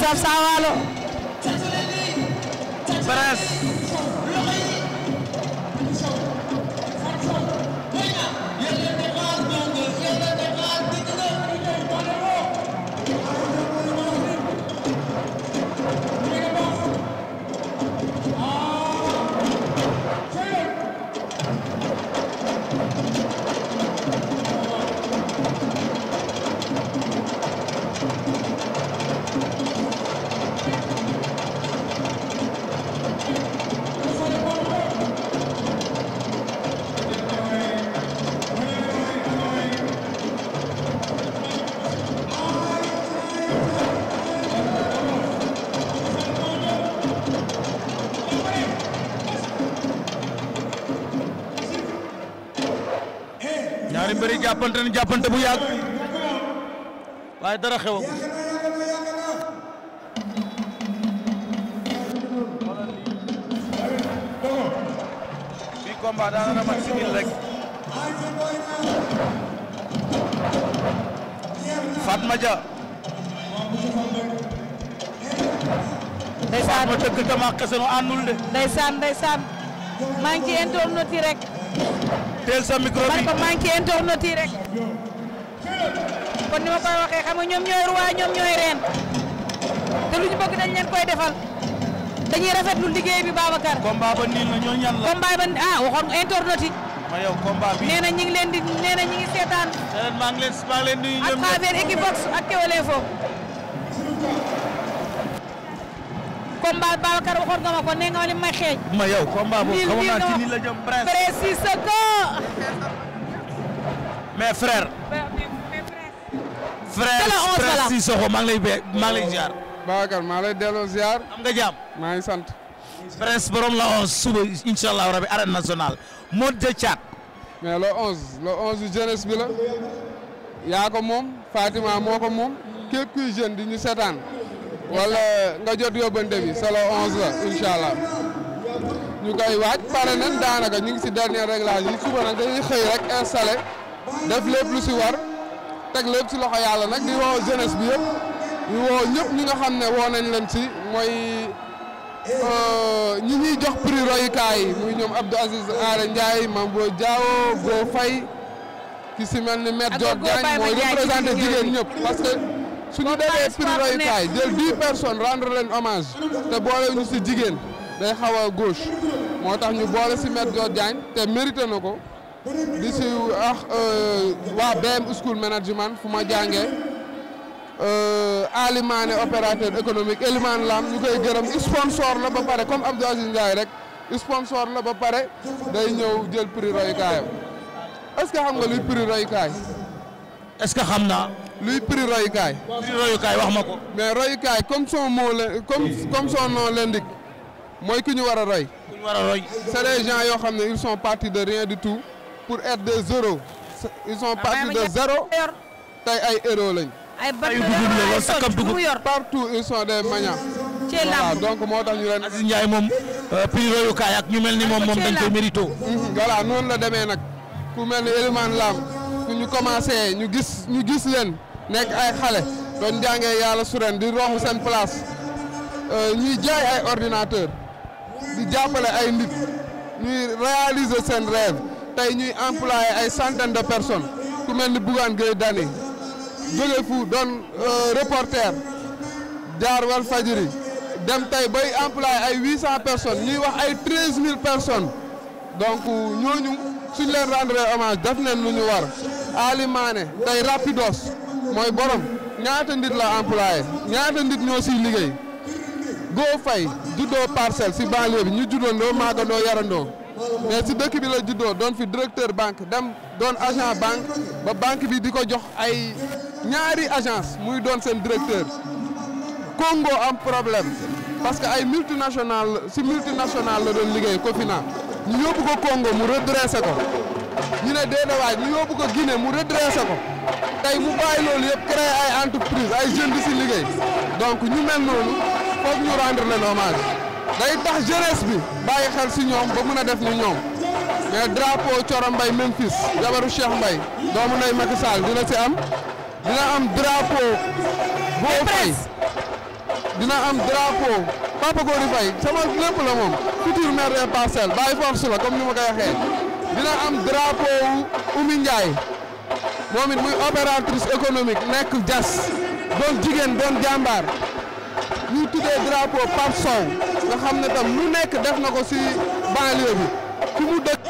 saf saawaalo. Baraas. jàppante ne jàppante bu yàgg waaye dara ma dëkk dama de ndeysaan ndeysaan maa ngi ci rek teel sa micro bi man maa ngi ciy internet yi rek kon ni ma koy waxee xam nga ñoom ñooy roi ñoom ñooy reen te lu ñu bëgg dañ leen koy defal dañuy rafetlu liggéey bi Babacar. combat ba nii la ñoo ñan la. combat ba ah waxoon internet yi. ma yow na leen di nee na ñu ngi seetaan. maa ngi leen maa ngi leen combat Babacar waxoon nga ma ko nee nga ma li may xeeñ. ma yow combat boobu xamoon naa ci la jëm précise ko. mais frère. frère frère Sissoko maa ngi lay be maa ngi lay ziar. Babacar sant. presse borom la 11 suba incha allah rabi arène nationale moo de caat. mais le 11 le 11 jeunesse bi yaa ko moom Fatima moo ko moom képp kuy di ñu seetaan. wala nga jot yóbbante bi solo 11 la incha allah ñu koy waaj pare nañ daanaka ñu ngi si dernier réglage yi suba nag dañuy xëy rek installé def lépp lu si war teg lépp si loxo yàlla nag di woo jeunesse bi yëpp di woo ñëpp ñi nga xam ne woo nañ leen si mooy euh, ñi ñuy jox prix royukaay yi muy ñoom Abdou Aziz Aare Ndiaye Mame Boye Diao Go Faye ki si mel ni Maître Diop Diagne mooy représenté jigéen ñëpp su ñu defee prix royukaay jël dix personnes rendre leen hommage te boole si jigéen day xaw a gauche moo tax ñu boole si Maître Dior Diagne te mérité na ko di si wax euh, waa BM School Management fu ma jàngee euh, Ali Mané opérateur économique Elimane Lam ñu koy gërëm sponsor la ba pare comme Abdou Aziz Ndiaye rek sponsor la ba pare day ñëw jël prix royukaayam que xam nga luy prix royukaay que xam naa luy prix royukaay. prix royukaay wax ma ko. mais royukaay comme son moo la comme comme son leen l'indique mooy ku ñu war a roy. ku ñu yoo xam ne ils sont partis de rien du tout pour être de euros. ils sont ah, partis de zéro tey ay euros lañ. ay dugub la partout ils sont des maniants. donc moo tax ñu leen. Aziz Ndiaye moom euh, prix royukaay ak ñu mel ni moom moom dañ koy mérito. Mhm. voilà noonu la demee nag ku mel ni Elimane Lam ku ñu commencé ñu gis ñu gis leen. nekk ay xale doon jàngee yàlla sureen di romb seen place euh, ñuy jaay ay ordinateur di jàppale ay nit ñuy réaliser seen rêve tey ñuy employé ay centaine de personnes ku mel ni Bougane Gueye Dany jóge fu doon euh, reporter jaar wal fajiri dem tey bay employé ay huit cent personnes ñuy wax ay treize mille personnes donc ñooñu suñ leen rendre hommage daf neen lu ñu war Aliou Mané tey Rapidos mooy borom ñaata ndit la employé ñaata ndit ñoo siy liggéey Go Faye juddoo parcelle si banlieue bi ñu juddoondoo maagandoo yarandoo mais si dëkk bi la juddoo doon fi directeur banque dem doon agent banque ba banque bi di ko jox ay ñaari agence muy doon seen directeur Congo am problème parce que ay multinational si multinational la doon liggéey Cofina ñu yóbbu ko Congo mu redressé ko ñu ne déedéet waay ñu yóbbu ko Guinée mu redressé ko tey mu bàyyi loolu yëpp créé ay entreprise ay jeunes di si liggéey donc ñu mel noonu foog ñu rendre leen hommage day tax jeunesse bi bàyyi xel si ñoom ba mën a def ni ñoom mais drapeau Coro Mbaye Memphis jabaru Cheikh Mbaye doomu nay Macky Sall dina si am dina am drapeau boo fay dina am drapeau Papa Gori Faye sama lépp la moom futur maire des parcelles bàyyi force la comme ni ma koy waxee dina am drapeau wu Oumy Ndiaye moom muy opératrice économique nekk jas doon jigéen doon jàmbaar ñu tuddee drapeau Pape Sow nga xam ne tam lu nekk def na ko si banlieue bi fu mu dëkk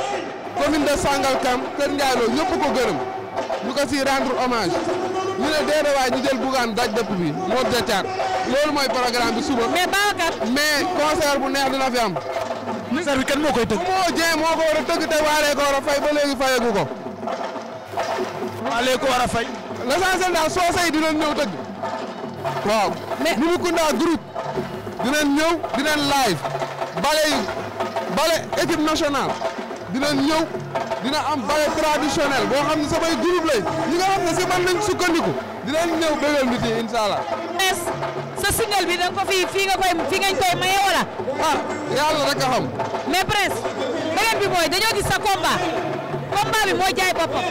commune de Sangalkam Kër Ndiaye Lo ñëpp ko gërëm ñu ko siy rendre hommage ñu ne déedéet waay ñu jël bugaan daj dëpp bi moo jacaat loolu mooy programme bi suba. mais Babacar. bu neex dina fi am. concert bi kenn moo koy tëgg. moo ko war a tëgg te waalee ko war a fay ba léegi fayagu ko. waalee war a fay. l'essentiel daal soo say dinañ ñëw tëgg. waaw. mais Mimikounda groupe. dinañ ñëw dinañ live. bale yi national dina nationale. dina am bale traditionnel boo xam ne samay groupe lay ñi nga xam ne si man nañ sukkandiku dinañ ñëw bégal nit yi incha sa single bi da fi fii nga koy fii ngañ koy maye wala. ah yàlla rek a xam. mais Prince beneen bi mooy dañoo gis sa combat combat bi moo jaay boppam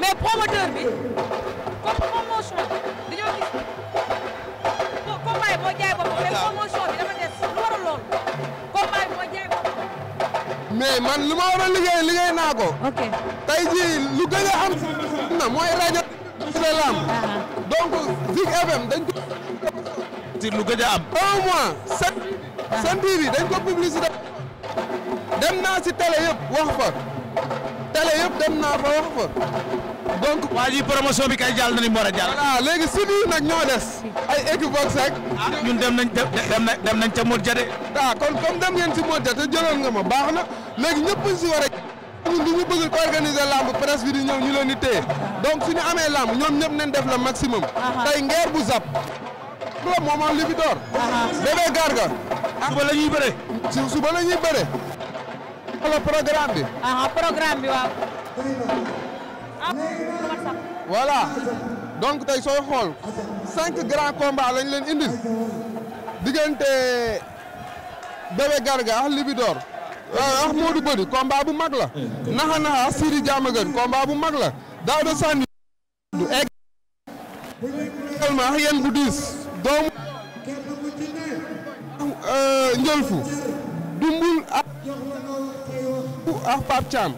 mais promoteur bi comme bi moo jaay boppam mais promotion bi dafa des lu waral lool combat bi moo jaay boppam. mais man lu ma war a liggéey naa ko. ok tey jii lu gën a am na mooy rajo. Ah. donc Zik FM dañ ko. ci lu gëj a am. un mois set Sen TV bi dañ ko publicité dem naa si télé yëpp wax fa télé yëpp dem naa fa wax fa donc. waa ji promotion bi kay jàll na ni mu a jàll. voilà léegi si biir nag ñoo des ay Equivox ak. Ah, ñun dem nañ dem nañ ca Modja de. waaw ah, kon comme dem ngeen si Modja te jëloon nga ma baax na léegi ñëpp si war a. ñun du ñu bëgg ko organiser lamb presse bi di ñëw ñu leen di téye donc suñu amee lamb ñoom ñëpp nañ def le maximum. Ah, tey ngeer bu club moo ma libi door. Bébé Garga. suba la ñuy bëre. suba la ñuy bëre. wala programme bi. Ah, ah, programme bi waaw. voilà donc tey sooy xool cinq grands combats lañ leen indil diggante Bébé Garga Libidor ah Modou Bodi combat bu mag la naxa naxa Siri Diamaguène combat bu mag la Daouda Sandi du egg également yéen bu diis doomu euh, Ndiolfou Dumbul ak ak Pape Thiam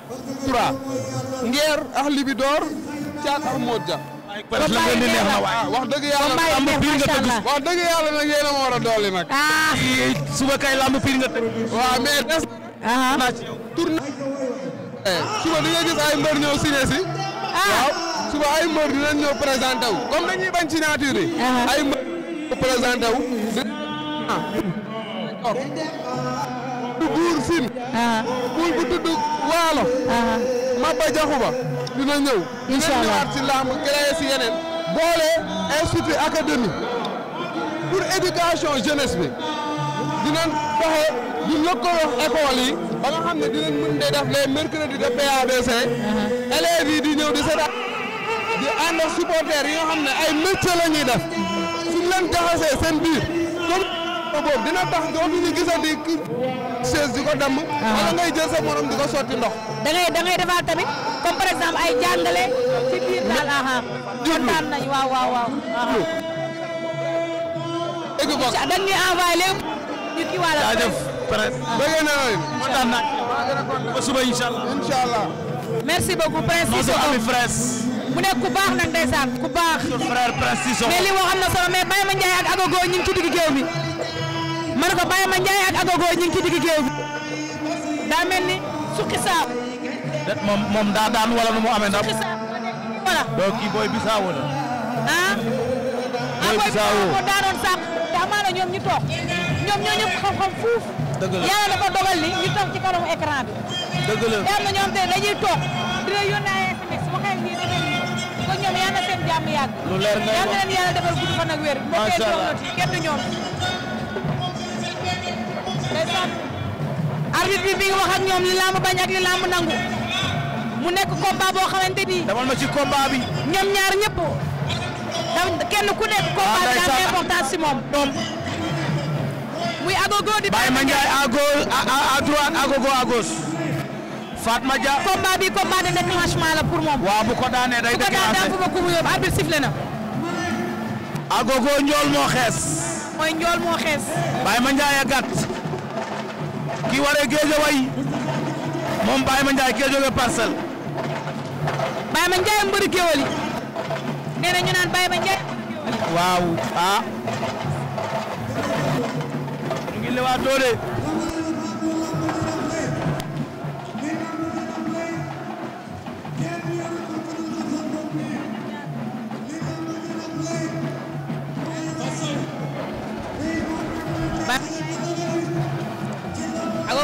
Ngeer ak Libidor Thiat ak Modja ah, wax dëgg yàlla lamb pire nga tëgg wax dëgg yàlla nag yéen a war a doole nag ah. suba kay lamb pire nga tëgg waaw mais des ah. na eh, suba di nga gis ay mbër ñëw signé si waaw suba ay mbër dinañ ñëw présenté wu dañuy bañ signature yi ay mbër présenté wu si du buur sin ah. buur bu tudd waalo ah. Maba Jaxu dina ñëw incha allah ñëwaat ci làmb créé si yeneen boole institut académie pour éducation jeunesse bi di lëkkaloo école yi ba nga xam ne dinañ mën de def les mercredis de PABC ah. élèves yi di ñëw di seetaan di ànd ak yi nga xam ne ay métier la def buñ leen jaxasee seen biir comme boobu dina tax dootuñu gisati kii chaise di ko damm. Ah. wala ngay jël sa morom di ko sotti ndox. da ngay da ngay defaat tamit comme par exemple ay jàngale ci biir daal aha. kontaan nañ waaw waaw waaw. équivoque da nga ñuy envoyé lépp. ñu kii wàllu jaajëf presse. bëgg naa leen kontaan naa. ba suba incha allah. incha allah. merci beaucoup presse. mu nekk ku baax nag ndeysaan ku baax. mais li waxoon na solo mais Baye Ma Ndiaye ak Agogo ñu ngi ci digg man ko Baye Ma Ndiaye ak Agogo ñu ngi ci digg géew ni suqi saabu. moom daa daan wala nu mu amee ndam. voilà donc kii booy bisaawo la. ah. booy bisaawo ah booy bisaawo daanoon sàq. te amaana ñoom ñu toog ñoom ñoo ñëpp xam-xam fuuf. dëgg la yàlla dafa dogal li ñu toog ci kanamu écran bi. dëgg la te am na ñoo xam te dañuy toog di la ñoom yal na seen jàmm yàgg. lu na leen defal gudd fan ak wér. macha allah mbokk yi kenn du bañ ak li nangu. mu nekk combat a xamante ni. demal ma ci combat bi. ñoom ñaar ñëpp. kenn ku nekk combat ah, bi daal importance muy agogo di. ma Ndiaye à gauche Fatma Dia. combat bi combat de déclenchement la pour moom. waaw bu ko daanee day déclenché bu ko daan fu mu yóbbu arbitre sifflé na. agogo njool njool moo xees. Baye Mandiaye a gàtt. ki waree géej a way moom Baye Mandiaye kee jógee parcelle. Baye Mandiaye mbëri géwël yi. nee na ñu naan Baye Mandiaye. waaw ah. ñu ngi leewaatoo de.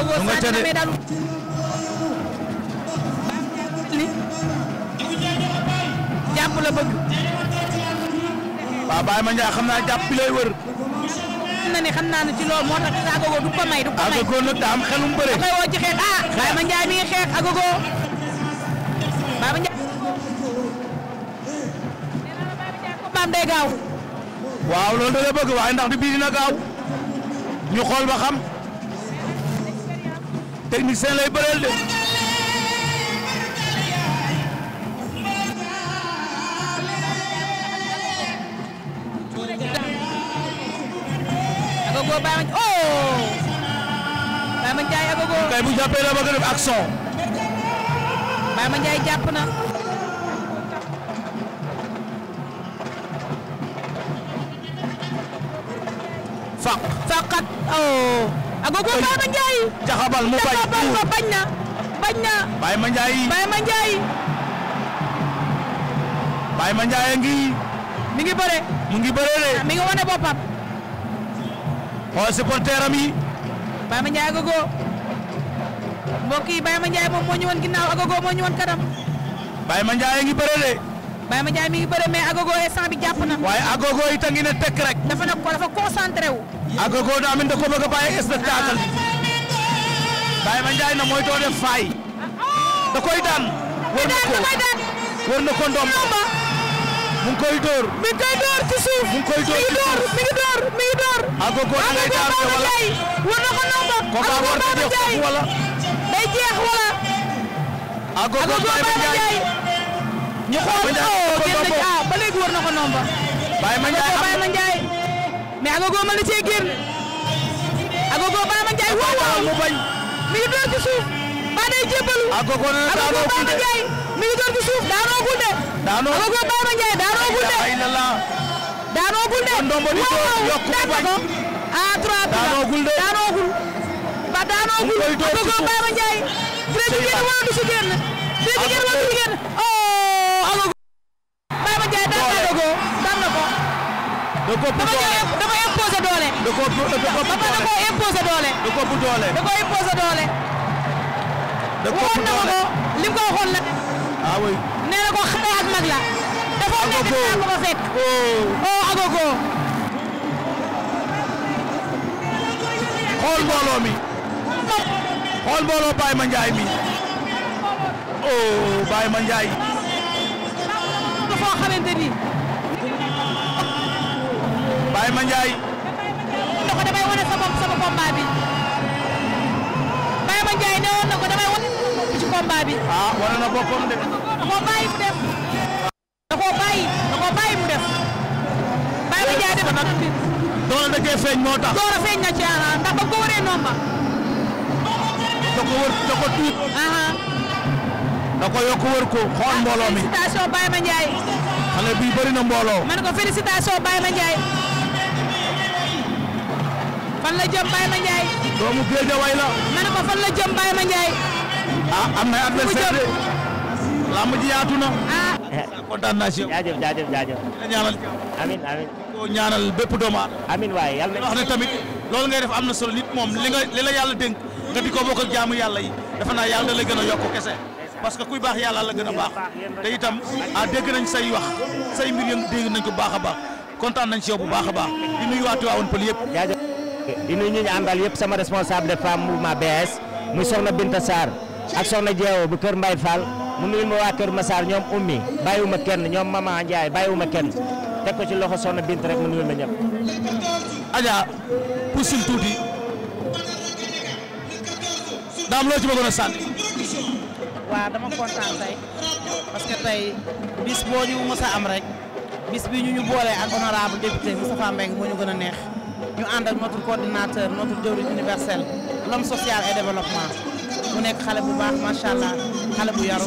Ndongo Sane damay dalu. la bëgg. waaw Baye Mandiaye xam naa jàpp bi lay wër. xam na xam naa ne ci loolu moo tax Agogo du xelum bëre. da koy ah, mi xeex Agogo. Baye Mandiaye. combat am day gaaw. waaw loolu da lay bëgg waaye ndax ñu xool ba xam. technicien lay bëreel de. Agogo Baye Mandiaye oh Baye Mandiaye Agogo. kay bu jàppee la ba gën a def na. faq faqat oh. agogo Baye Mandiaye. jaxabal mu bañ jaxabal ba bañ na bañ ngi. mi ngi mu ngi bëre de. mi ngi wane boppam. xool supporter am yi. Baye agogo. mbokk yi Baye moom moo ñu agogo moo ñu woon kanam. ngi bëre de. Baye Mandiaye mi ngi bëre mais Agogo e bi jàpp na. waaye Agogo it a ngi tekk rek. dafa nekk ko Agogo daa mel da ko bëgg a bàyyi spectacle. na mooy doo def faay. da koy daan. war ko war na ko ndomb. mu koy door. mi koy door ci suuf. koy door ci suuf mi Agogo da ngay daan wala war na ko ndomb. ñu xool waaw génn waaw ah, ba léegi war na ko nomba. Baye Ma Ndiaye Baye Ma Ndiaye. mais Agogo mën na woo woo mu bañ. mi ngi door ci suuf. ba day jébbalu. Agogo nee mi ngi door ci suuf daanoo de. daanoo Agogo Baye Ma de. daanoo gul de. kon ndombo di door yokku bañ. ah trois bi daanoo gul de daanoo gul. ba amagu. Baba Ndiaye daan na dogo daan Ibrahima Ndiaye. ne ko damay wane sama na ci combat bi. ah wane na boppam de. da koo bàyyi mu def. da koo bàyyi da koo bàyyi mu def. Ibrahima Ndiaye def feeñ moo tax. doole feeñ na ci aha ah, ndax ba ko waree noonu ba. da ko wër da ah, ah. wër ko xool mbooloo mi. ah félicitation Baye Mandiaye. xale bi bëri na mbooloo. man ko félicitation Baye Mandiaye. fan la jëm Baye Mandiaye. doomu géej a way la. ma ne ko fan la jëm Baye Mandiaye. ah am na ay adversaire de. lamb na. ah. kontaan naa si yow. jaajëf jaajëf jaajëf. ñaanal. bépp doomu aadama. amiin waaye yàlla wax ne tamit loolu ngay def am na solo nit moom li nga li la yàlla dénk nga di ko bokk ak jaamu yàlla yi dafa naa yàlla da lay gën a yokk kese. parce que kuy baax yàlla la gën a baax te itam a ah, dégg nañ say wax say mbir yëngu dégg nañ ko baax a baax kontaan nañ si yow bu baax a baax di nuyuwaat waa woon pël yëpp. di nuyu ñu ñu àndal yëpp sama responsable de femme mouvement BS muy soxna Binta Sarr ak soxna Jeewo bu Kër Mbaye Fall mu nuyu waa Kër Massar ñoom ummi bàyyiwuma kenn ñoom Mama Ndiaye bàyyiwuma kenn teg ko ci loxo soxna Binta rek mu nuyu ma a dama kontaan tey parce tey bis boo ñu mës a am rek bis bi ñu ñu boolee ak honorable député Moustapha Mbengue moo ñu gën a neex. ñu ànd ak notre coordinateur notre jawriñ universel mu nekk xale bu baax macha allah xale bu yaru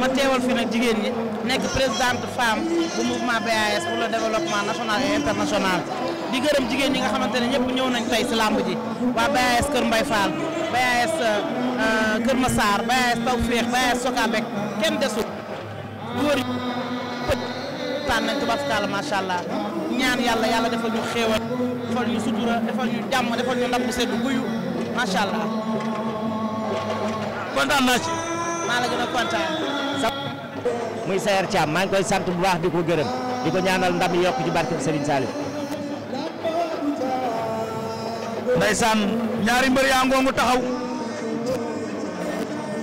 ma teewal fi nag jigéen ñi nekk présidente femme bu mouvement BAS pour le développement national et international di gërëm jigéen ñi nga xamante ne ñëpp ñëw nañ tey si làmb ji waa BAS Kër Mbay Fall BAS euh, Kër Massar BAS Tawféex BAS Sokabek kenn desul góor yi tànn nañ tubaab allah ñaan yàlla yàlla defal ñu defal ñu sutura defal ñu jàmm defal ñu ndam bu sedd guyu macha allah. kontaan naa maa la kontaan. muy Sayer Thiam maa ngi koy sant bu baax di ko gërëm di ko ñaanal ndam yokk ci barke Serigne Salim. ndeysaan ñaari mbër yaa ngoongu taxaw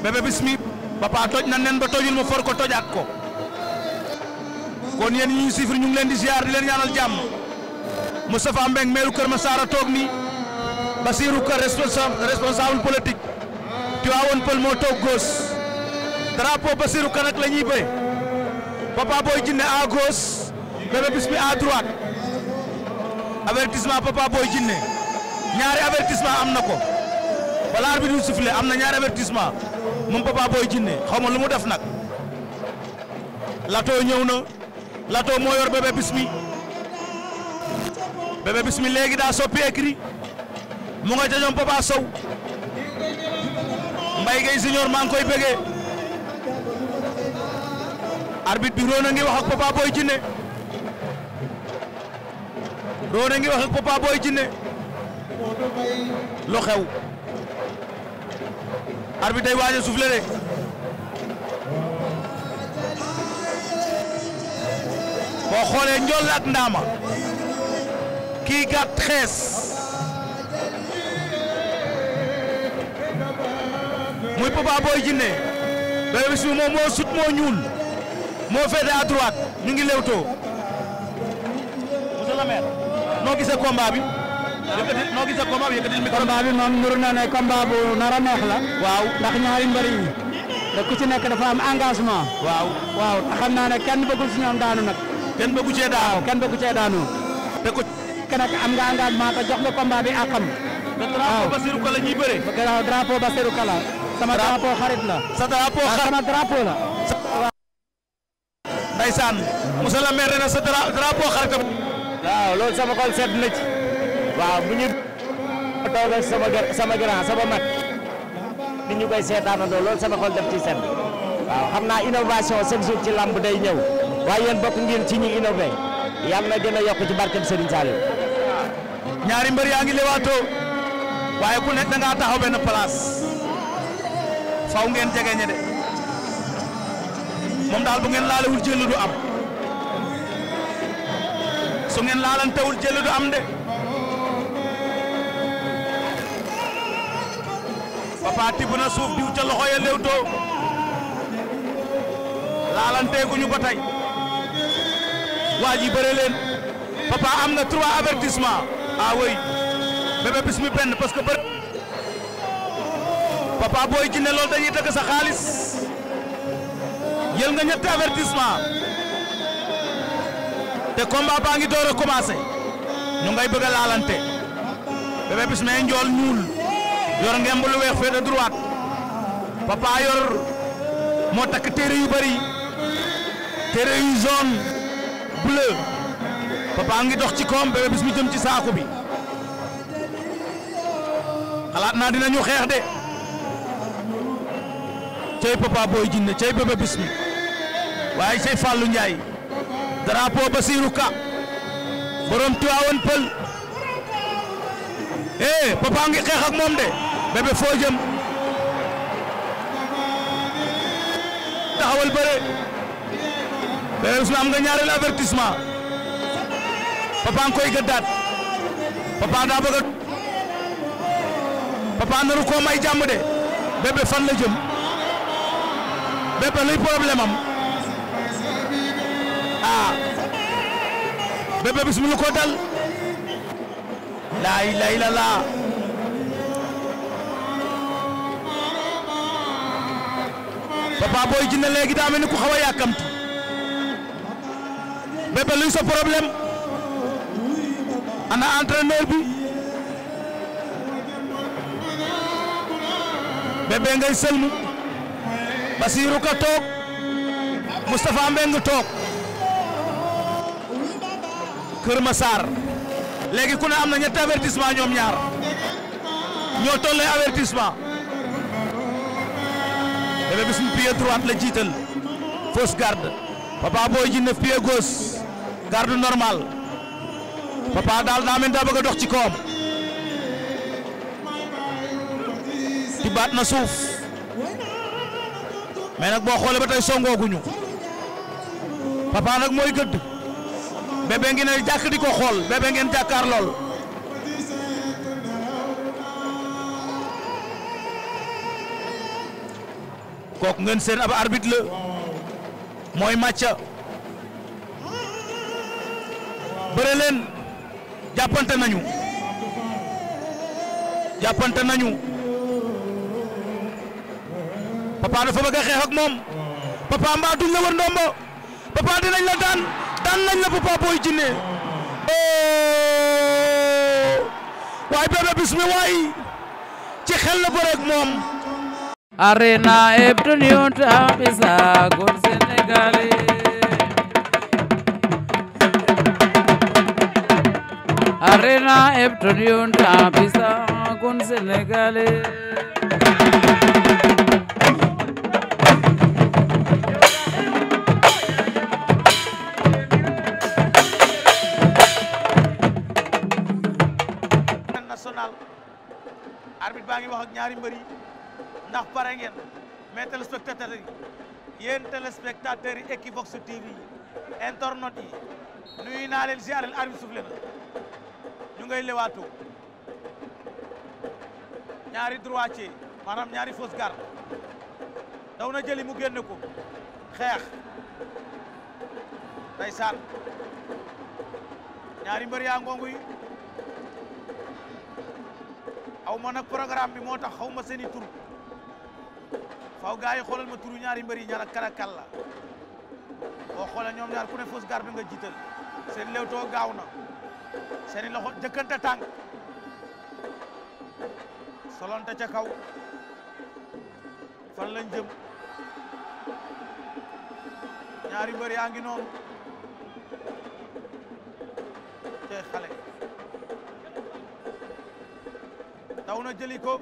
bébé bismi papa toj na nen ba tojul ma for ko tojaat ko kon yéen ñi ñuy ñu leen di ziar di leen ñaanal jàmm. Moustapha Mbeng meeru Kër Masara toog nii Basirou Ka responsable politique Tivaouane Peulh moo toog gauche drapeau Basirou Ka nag la ñuy bay Papa Boy Djiné à gauche Bébé Bismi à droite avertissement Papa Boy Djiné ñaari avertissement am na ko wala arbitre du sifflé am na ñaari avertissement moom Papa Boy Djiné xaw ma lu mu def nag Lato ñëw na Lato moo yor Bébé Bismi Bébé Bismi léegi daa soppi écrit mu nga ca ñoom Papa Sow Mbaye Gueye Junior maa ngi koy bëggee bi bi Rona ngi wax ak Papa Boy Djiné Rona ngi wax ak Papa Boy Djiné lu xew arbitre day waaj a soufflé boo xoolee njool ak ndaama kii gàtt xees muy Papa Boy Djiné Bébé Bismi moom moo sut moo ñuul moo féete à droite ñu ngi lewtoo monsieur le maire noo gisee combat bi yëkkatil noo gisee combat bi yëkkatil micro combat bi moom nuru na ne combat nar a neex la waaw ndax ñaari mbër yi ku ci nekk dafa am engagement waaw waaw xam naa ne kenn bëggul si ñoom daanu nag kenn bëggu cee daanu kenn bëggu cee daanu te nekk am nga engagement te jox nga combat bi àqam. waaw ba drapeau Bassirou Kala ñuy bëree. waaw drapeau Bassirou Kala. sama drapeau xarit la. sa drapeau xarit sama drapeau la. na sa drapeau xaritam. waaw loolu sama xol sedd na bu ñu. toog ak sama sama sama mag. di ñu koy seetaanandoo loolu sama xol def ci sedd. waaw xam naa innovation chaque ci lamb day ñëw. waaye yéen bokk ngeen ci ñi innové. yàlla na gën a ci barkeem Serigne Saliou. ñaari mbër yaa ngi lewaatoo waaye ku nekk da ngaa taxaw benn place faw ngeen jege ñe de moom daal bu ngeen laalewul jël am su ngeen laalantewul jël du am de Papa tibb na suuf diw ca loxo ya Leewtoo laalanteeguñu waa ji bëre leen am na trois avertissement ah oui Bébé Bismi benn parce que bët Papa Boy Djiné loolu dañuy dëgg sa xaalis jël nga ñetti avertissement te combat baa ngi door a commencé ñu ngay bëgg a laalante Bébé Bismi njool ñuul yor ngemb lu weex fee de droite Papa yor moo takk téere yu bari téere yu jaune bleu. Papa ngi dox ci koom Bébé Bismi jëm ci saaku bi xalaat naa dinañu xeex de cey Papa Boy Djiné cey Bébé Bismi waaye cey Fallou Ndiaye drapeau Basirou Ka borom Tiwaawan Pël eh Papa ngi xeex ak moom de Bébé foo jëm taxawal bëre Bébé Bismi am nga ñaareel avertissement Papa nga koy gëddaat Papa daa bëgg a Papa naru ko de Bébé fan la jëm Bébé luy problème am ah Bébé bis mu lu ko laa ilaaha illallaah Papa Boy Djiné léegi daa mel luy sa problème ana entraîneur bi Bébé Ngaye sëlmu Basirou Ka toog Moustapha Mbengue toog Kër Massar léegi ku ne am na ñetti avertissement ñoom ñaar ñoo tollee avertissement Bébé Bismi pied droite la jiital fausse garde Papa Boy Djiné pied gauche garde normal Papa daal daa mel daa bëgg a dox ci koom di baat na suuf mais nag boo xoolee ba tey songooguñu Papa nag mooy gëdd Bébé ngi ne jàkk di ko xool Bébé ngeen jàkkaar lool kooku ngeen seen ab arbitre la mooy màcca bëre jàppante nañu jàppante nañu papa dafa bëgg a xeex moom papa mbaa duñ la war ndombo papa dinañ la daan daan nañ na papa booy jinne oh! waay bébé bismi waay ci xel la bëreeg moom arena ebtu niunta bisa gol sénégalais Arena Epton yon tapisa kon Sénégalais national arbitre baa ngi wax ak ñaari mbër yi ndax pare ngeen mais yi yéen téléspectateurs Equivox TV yi internautes yi nuyu naa leen ñu ngay lewaatoo ñaari droitier maanaam ñaari fausse garde daw na jëli mu génn ko xeex ndeysaan ñaari mbër yaa ngongu yi aw ma nag programme bi moo tax xaw ma seeni tur faw gars yi xoolal ma turu ñaari mbër yi ñaar ak karakal la boo xoolee ñoom ñaar ku ne fausse garde bi nga jiital seen leewtoo gaaw na seeni loxo jëkkante tànk solonte ca kaw fan lañ jëm ñaari mbër yaa ngi noonu te xale na jëli ko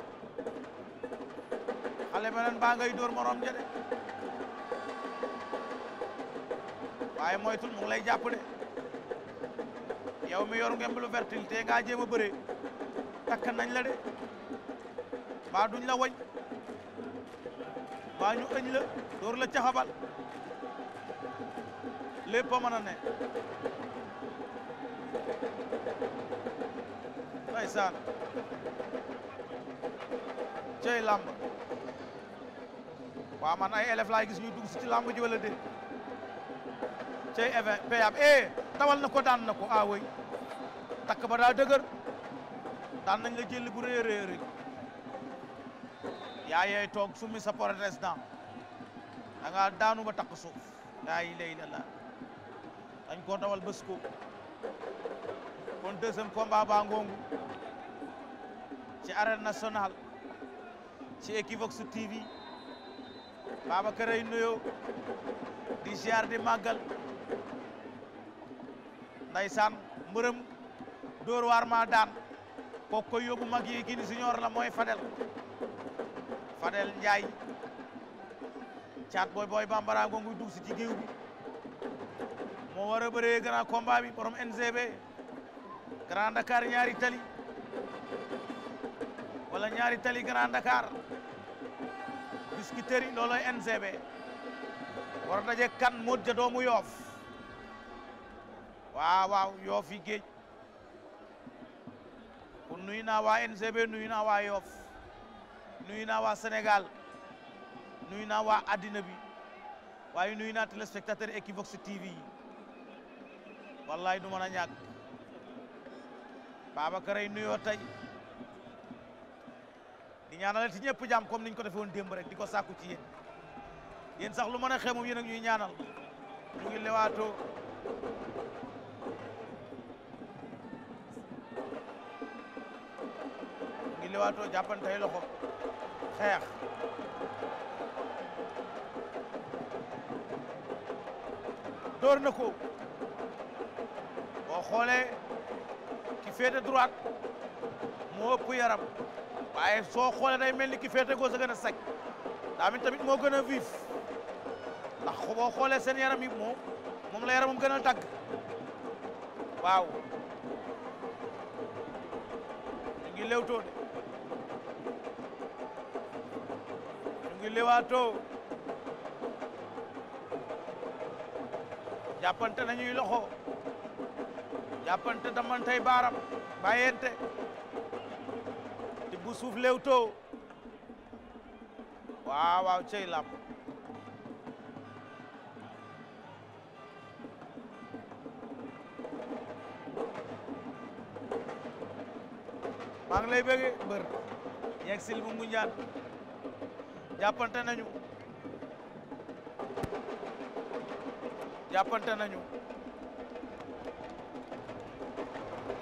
xale beneen baa ngay dóor morom ja de waaye moytul mu lay jàpp de yow mi yor ngemb lu vertil te ngaa jéem a bëree takk nañ la de mbaa duñ la wañ mbaa ñu ëñ la door la caxabal lépp a mën a ne ndeysaan cey làmb waaw man ay élève laay gis ñuy dugg ci làmb ji wala dé cey event payam eh tawal na ko daan na ko ah way takk ba daa dëgër daan nañ la jël bu rëy a rëy yaa yey toog summi sa protest da nga daanu ba takk suuf laa ilaaha illallaah dañ koo dawal bés ko kon deuxième combat ba ngongu ci arène nationale ci Equivox TV Babacar ay nuyoo di ziar di màggal ndeysaan mbërëm dóor waar ma daan kooku koy yóbbu mag yi gini junior la mooy Fadel Fadel Ndiaye caat booy booy bambara ngongu dugg si ci bi moo war a bëree grand combat NGB Grand Dakar ñaari tali wala ñaari tali Grand Dakar biscuiterie looloy NGB war daje kan Modja doomu Yoof waaw waaw Yoof géej nuyu naa waa NCB nuyu naa waa Yoff naa waa Sénégal nuyu naa waa addina bi waaye nuyu naa téléspectateur Equivox TV yi wallaay du mën a ñàkk Babacar ay nuyoo tey di ñaanal ci ñëpp jàmm comme niñ ko defee woon démb rek di ko sàkku ci yéen yéen sax lu mën a xew moom yéen ak ñuy ñaanal ñu ngi lewaatoo lewaatoo jàppantey loxo xeex door na ko boo xoolee ki féete droite moo ëpp yaram waaye soo xoolee day mel ni ki féete gauche gën a sec daa mit tamit moo gën a vif ndax boo xoolee seen yaram yi moom moom la yaramam gën a dagg waaw ñu ngi lewtoo de ngi lewaatoo jàppante nañuy loxo jàppante damantay baaram bàyyente di bu suuf lewtoo waaw waaw cey làmb maa ngi lay bëgge mbër yegg ngunjaan jàppante nañu jàppante nañu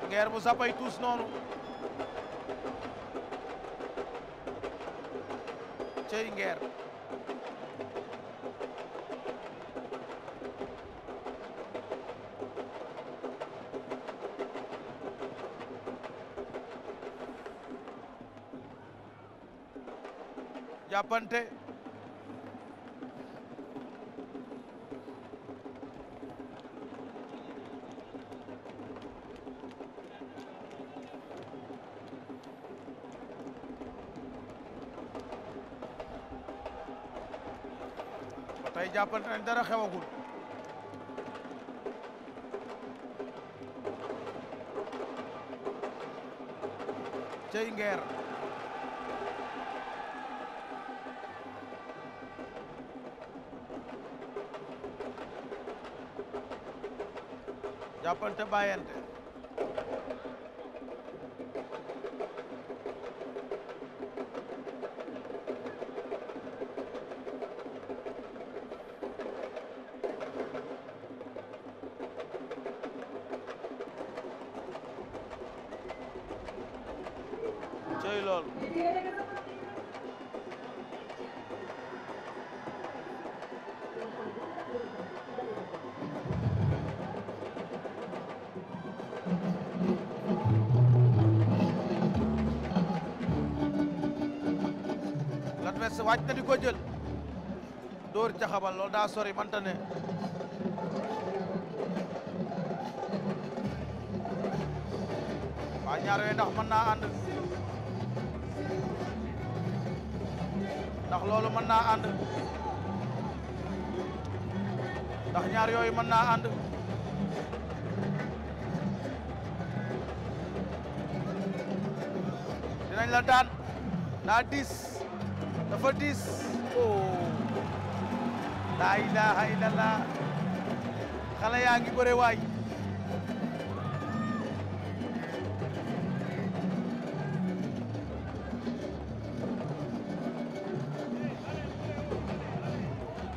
ngeer bu sapay tuus noonu cey ngeer jàppante ba tey jàppante nañ dara xewagul cey ngeer jàppante bàyyante ko jël dóor caxabal loolu daa sori manta waa ñaar yooyu ndax mën naa ànd ndax loolu mën naa ànd ndax ñaar yooyu mën naa ànd dinañ la daan daa diis dafa diis oh laa ilaha illallah xale ngi bëre waay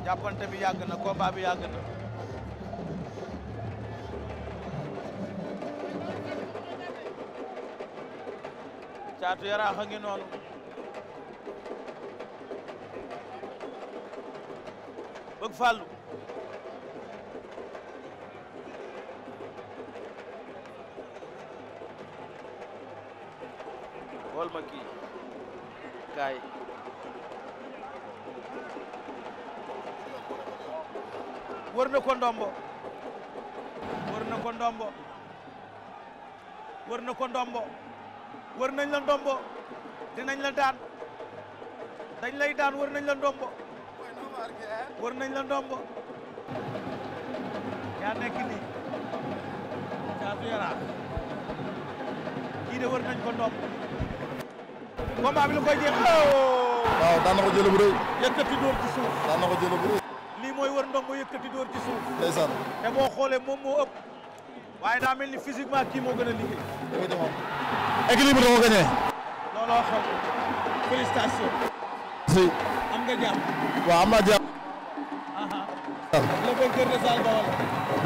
jàppante bi yàgg na combat bi yàgg na caatu yaraax a ngi ak Fallou ma kii kaay wër na ko ndombo wër na ko ndombo wër na ko ndombo wër nañ la ndombo dinañ la daan dañ lay daan wër nañ la ndombo war nañ la ndombo yaa nekk nii Caatu Yaraax kii de war nañ ko ndombo combat bi lu koy jeex waaw daan na bu rëy yëkkati dóor ci suuf daan na bu rëy lii mooy wër ndombo yëkkati dóor ci suuf ndeysaan te boo xoolee moom moo ëpp waaye daa mel ni physiquement kii moo gën a liggéey dafay demoon équilibre da ko gagné looloo xam félicitation nga waaw am naa jàpp.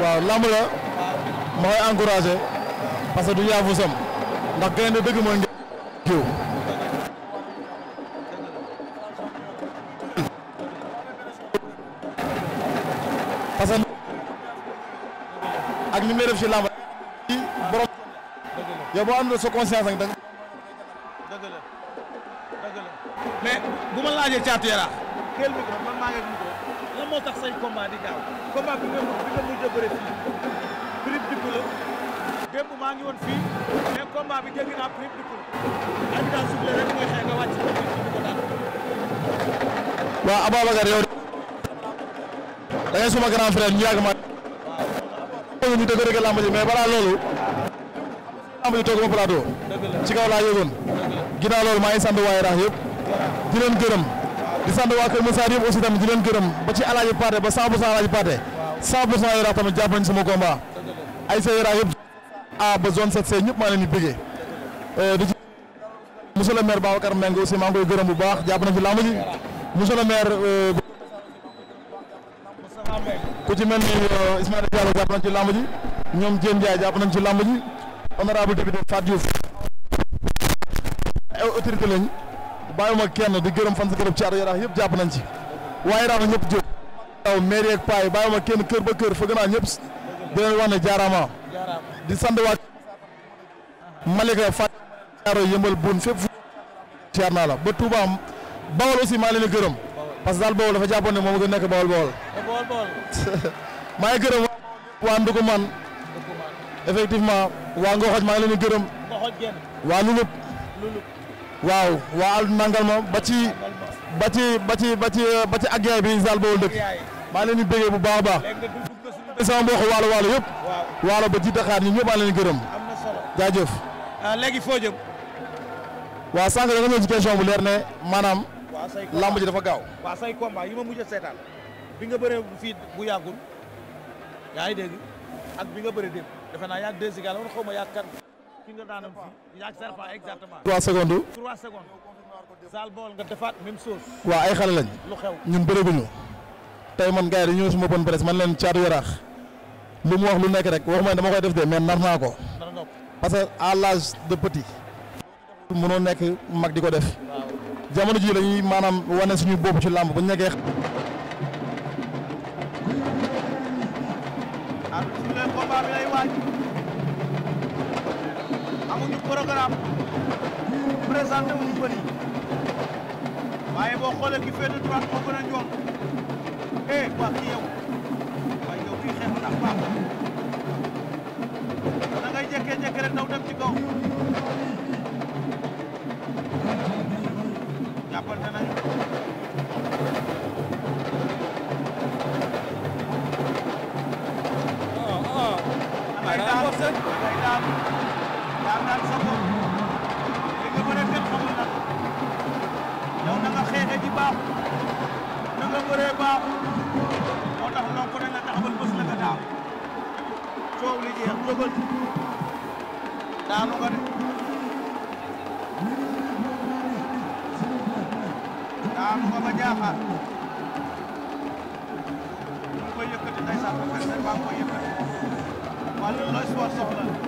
waaw lamb la. ma parce que du yaafu sam. ndax gaynde du dëgg mooy. kiw. parce que. ak ni mu def ci lamb. borom. yow boo àndul sa conscience ak da nga. waajal caatu yaraax. kéel mi ko man maa ngi micro lan moo tax say combat di gaaw combat bi nga bi nga mujj a bëre fii prix dikk la démb maa ngi woon fii mais combat bi dégg naa prix dikk la ak daal suuf la rek mooy xëy nga wàcc ci di ko daal. waaw Ababacar yow. da ngay suma grand frère ñu yàgg ma. waaw ñu dëgg dëgg làmb ji mais balaa loolu. làmb ji toog ma plateau. ci kaw laa yëgoon. ginnaaw loolu maa ngi sant waa yaraax yëpp. di leen gërëm. di sant waa Kër Moussa yëpp aussi tamit di leen gërëm ba ci alaaji Paate ba 100 pour cent alaaji Paate 100 pour cent Yaraax tamit jàpp nañu ay sa Yaraax yëpp a ba zone 7C ñëpp maa leen di bëggee euh, di ci monsieur le maire Babacar Mbengue aussi maa ngi koy gërëm bu baax jàpp na ci lamb ji monsieur le maire euh, ku ci mel ni euh, Ismaïla jàpp nañ ci lamb ji ñoom Diène Ndiaye jàpp nañ ci lamb ji honorable député Fatou Diouf autorité lañ bàyyuma kenn di gërëm fan si gërëm ci ar yaraax yëpp jàpp nañ ci waaye yaraax ñëpp jóg waaw mairie ak paa yi bàyyuma kenn kër ba fëgg naa ñëpp di sant waa Malika Fat Jaaro yëmbal bun naa la ba Touba Bawol aussi maa leen di gërëm parce que daal Bawol dafa jàppoon ne moom nga nekk waaw waa al nangal ma ba ci ba ci ba ci ag yaay bi sal boobu dëkk maa leen di bu baax a baax di sama mbokk waalo waalo yëpp waalo ba ci Dakar ñun ñëpp maa leen gërëm jaajëf ah, léegi foo jëm waaw sànq da nga ñëw ci bu leer ne maanaam lamb ji dafa gaaw waaw yi ma mujj bi nga bëree bu yàggul ngi dégg ak bi nga bëree démb defe naa yaa deux ki nga daanoon fii yaag serpent ah, exactement. secondes. 3 ay xale lañ. ñun bëreeguñu. tey man gars yi dañu ñëw suma bonne presse man leen caatu yaraax lu mu wax lu nekk rek waxuma dama koy def de mais nar naa ko. parce que à l'âge de petit. mënoo nekk mag di ko def. jamono ji lañuy maanaam wane suñu bopp ci làmb bu ñu nekkee. amuñu programme présenté wuñu bëri waaye boo xoolee ki féete droite moo gën a ñoom eh wax ci yow waaye yow kii xeexu ndax baax na da ngay jékkee-jékkee rek daw dem ci kaw jàppante nañu ah ah ay daan ay daan yaa naan sa bopp li nga bëre kenn xamul na yow na nga xeexee ji baax na nga bëree baax moo tax loo ko ne la taxawal bés la nga daaw coow li jeex jógal daanu nga de daanu nga ba jaaxaar mu koy yëkkati day sax ba fekk day baa koy yëkkati wàllu looy soxla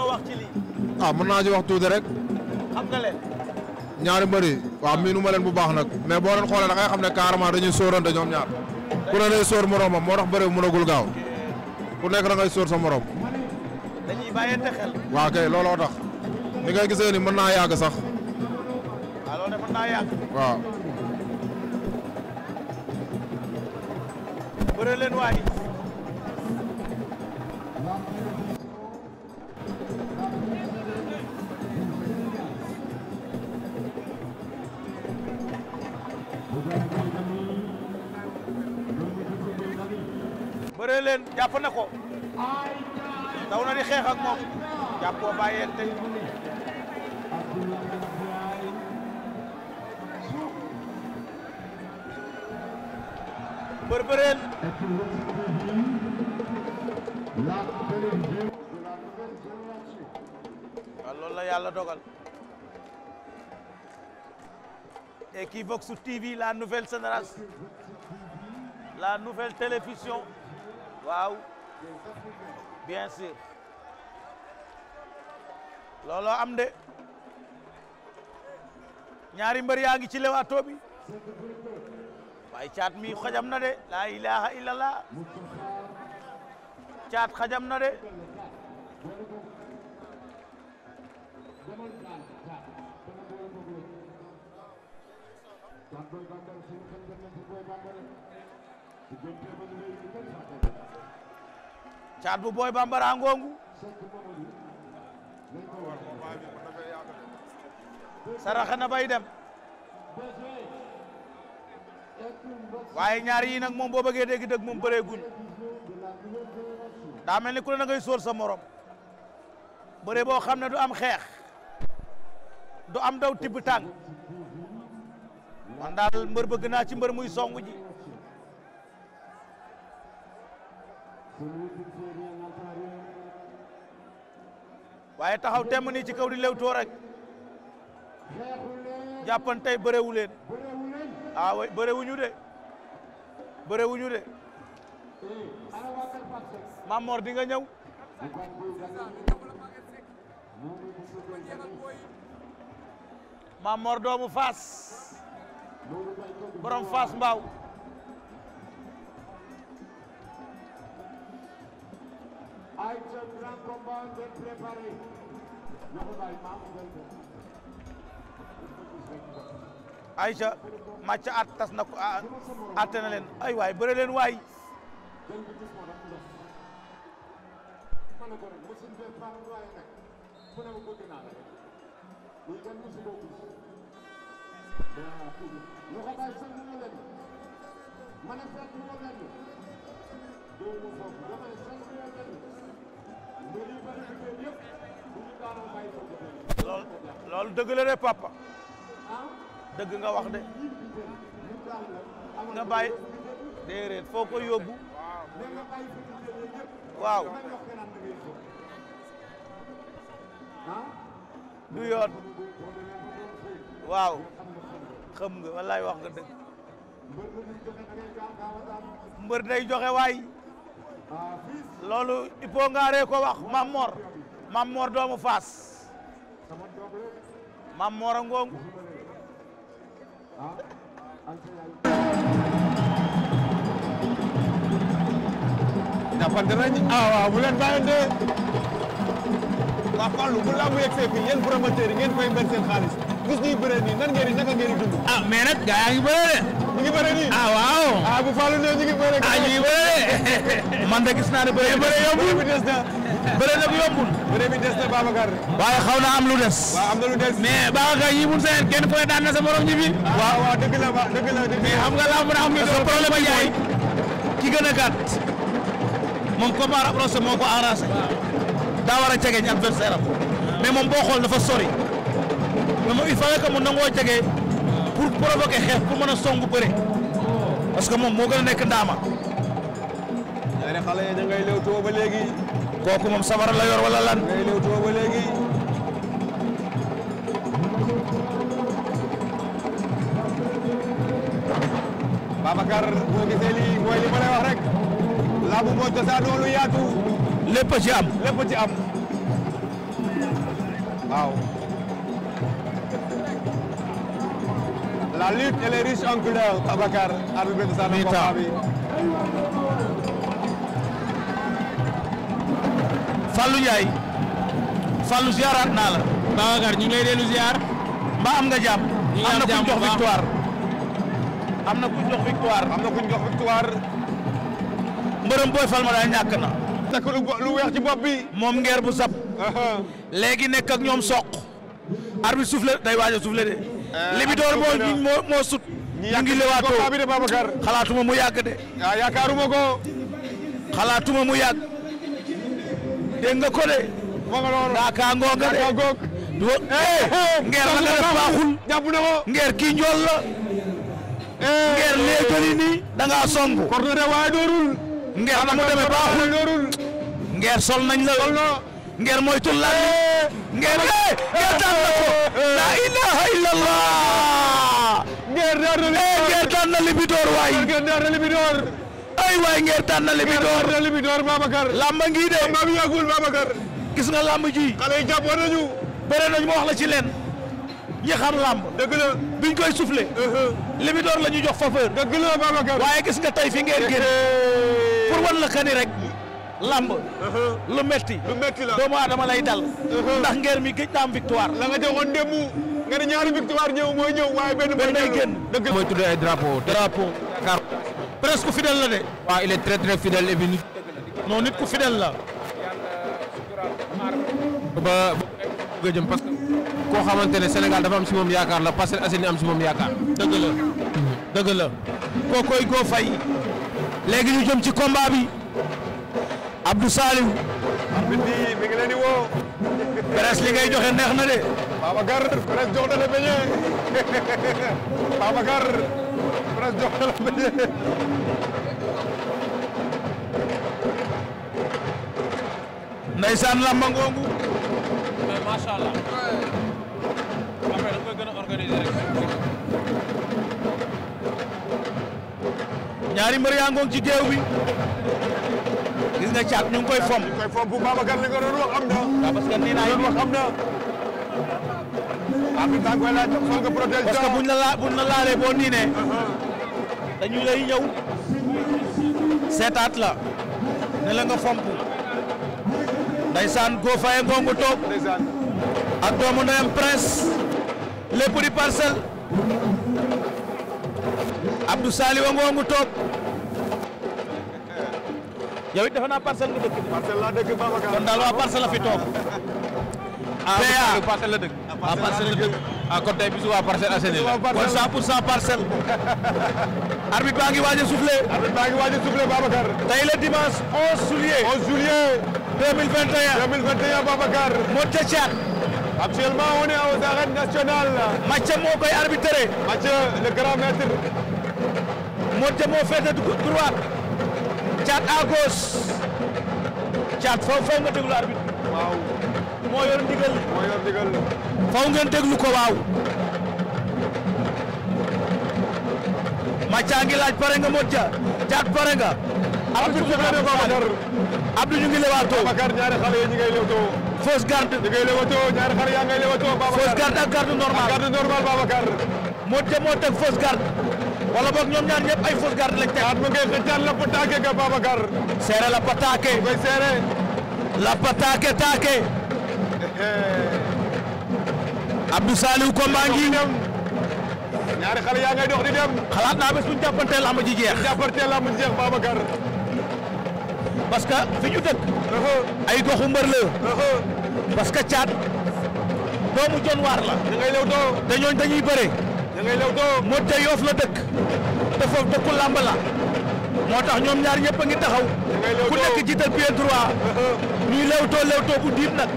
a wax ci lii. Ah, naa ci wax tuuti rek. ñaari mbër yi waaw miinu ma bu baax nag mais boo leen xoolee da ngay xam ne carrément dañuy sóorante ñoom ñaar ku ne day sóor moroomam moo tax bëre bu mënagul gaaw ku nekk da ngay sóor sa morom. dañuy bàyyante xel. waaw kay looloo tax ni ngay gisee ni mën naa yàgg sax. leen jàpp na ko daw na di xeex ak moom jàppoo bàyyeen tey Berberen waaw loolu la yàlla dogal Equivox TV la nouvelle génération la nouvelle télévision waaw bien sûr looloo am de ñaari mbër yaa ngi ci lewaatoo bi waaye caat mi xajam na de laa ilaha caat xajam na de caat bu booy bambara ngongu saraxa na bay dem waaye ñaar yi nag moom boo bëggee dégg dëgg moom bëree guñ mel ni ku ne da ngay sóor sa morom bëre boo xam ne du am xeex du am daw tibb tàng man daal mbër bëgg naa ci mbër muy songu waaye taxaw temm nii ci kaw di lewtoo rek jàppantey bërewu leen ah oui bërewuñu de bërewuñu de Mamor di nga ñëw Mamor doomu Faas borom Faas Mbaaw I just grand combat de tas na ko atte leen ay waay bëre waay loolu dëgg la de papa dëgg nga wax de nga bàyyi déedéet foo ko yóbbu waaw du yoon waaw xam nga wallaay wax nga dëgg mbër day joxe waay loolu il faut nga ko wax Mam Mor Mam Mor doomu Faas Mam Mor a ngongu jàppante nañ ah waaw bu leen bàyyante waa Fallou bu laa mu yegg see fii yéen promoteur yi ngeen koy mber gis ñuy bëree nii nan ngeen di naka ngeen di dund. ah mais nag gars yaa ngi bëree de. ñu ngi bëree nii ah waaw. ah bu Fallou nee ñu ngi bëree. ah ñu ngi bëree man de gis naa ne bëree bi des na bëree bi des na. bëree nag yombul. bëree bi des na Babacar. waaye xaw na am lu des. waaw am na lu des. mais Babacar yi mun seen kenn ku ne daan na sa morom ñibbi. waaw waaw dëgg la ba dëgg la dëgg la. mais xam nga laa mën a am. parce que problème yi yaay ki gën a gàtt. moom combat rapproché moo ko arrangé. daa war a jegeñ adversaire am mais moom boo xool dafa sori mais moom il fallait que mu nangoo jege pour provoquer xeex pour mën a songu parce que moom moo gën a nekk ndaama. ñaari xale yi da ngay lewtoo ba léegi. kooku moom sabara la yor wala lan. da ngay lewtoo ba léegi. Babacar boo gisee lii mooy li ma lay wax rek. laabu moo cosaanoo lu yaatu. lépp ci am waaw. La lutte, elle est riche en couleurs, Tabakar, Arubensana, Mohamed. Fallou Ndiaye Fallou ziaraat naa la. Babacar ñu ngi lay mbaa am nga jàpp. ñu am na kuñ jox victoire. am na kuñ jox am na kuñ jox victoire. mbërëm booy fal ma daal ñàkk na. takk lu weex ci bopp bi. moom ngeer bu sap. léegi nekk ak ñoom soq. arbitre souffle day waaj a de. Eh, Libidor moo moo moo sut. ñu ngi lewaatoo mu yàgg de. ah mu yàgg. dégg nga de. daaka ngoog de. du ko eh, eh, ngeer la baaxul. ngeer kii njool ngeer lee jëli song. korte de waaye doorul. ngeer la mu baaxul. ngeer sol nañ la. Nger moytu lan la ilaha illallah Nger daan na Nger daan Nger daan na Libidor ay waay Nger daan de maam yàggul Babacar gis nga lamb ji xale yi jàppoon ma wax la ci leen ñi xam lamb dëgg la biñ koy soufflé uh-huh. Libidor la jox faveur waaye gis nga tey fi Nger génn eh. pour wan la rek lamb uh-huh. lu metti lu metti la doomu aadama lay dal uh-huh. ndax ngeer mi victoire la nga joxoon démb nga ne ñaari victoire ñëw mooy ñëw waaye benn mooy génn dëgg mooy tuddee ay drapeau drapeau car presque fidèle la de waaw il est très très fidèle et nit ku fidèle la ba bëgg a que koo xamante ne Sénégal dafa am si moom yakaar la parce que Aseni am si moom yaakaar dëgg la dëgg koy goo léegi ñu jëm ci combat Abdou Salim. arbitre mi ngi leen di woo. presse li ngay joxe neex na de. Babacar presse jox na la beñe. Babacar jox na la beñe. Ndeysaan lamba ngongu. mais macha allah. après da koy gën a organiser rek. ñaari mbër yaa ci géew bi. gis nga caat ñu ngi koy fomp. ñu koy fomp Babacar li na. waaw parce que nee naa yéen na. ah bi daa koy laaj sol nga protège. parce que buñ la laa buñ la laalee toog. ak doomu ndeyam prince. lépp di parcelle. Abdou Sali wa toog. yow it defe naa parcelle nga dëkk. parcelle laa dëkk Babacar. kon daal waa parcelle la fi toog. ah parcelle la dëkk. ah parcelle la dëkk ah kon tey bisu waa parcelle Assainies la. kon 100 pour 100 parcelle. arbitre baa ngi waaj a soufflé. arbitre baa ngi waaj a soufflé Babacar. tey le dimanche 11 juillet. 11 juillet. 2021 2021 Babacar. moo ca caat. actuellement on est aux arènes nationales. Mathieu moo koy arbitré. Mathieu le grand maître. moo ca moo féete droite. caat à gauche caat foofu foofu nga déglu waaw moo yor ndigal moo yor ndigal ko waaw Mathia ngi laaj pare nga Modja caat pare nga ngi lewaatoo Babacar ñaari xale yi ñu ngay ak garde normal garde normal Babacar Modja moo teg wala boog ñoom ñaar ñëpp ay fausse garde lañ teg. at mu ngi xëccal la pataake ga Babacar. seere seere. la pataake taake. Abdou Saliou combat ngi ñaari xale yaa ngay dox di dem. xalaat naa bés bu ñu jàppantee lamb ji jeex. bu ñu jàppantee lamb que fi ay goxu la. parce caat doomu jon waar la. da ngay lew doo. te ñooñ dañuy Modou Dia Yoff la dëkk te foofu dëkku làmb la moo tax ñoom ñaar ñëpp a ngi taxaw ku nekk jiital pied droit uh-huh. ñuy lewtoo lewtoo bu diib nag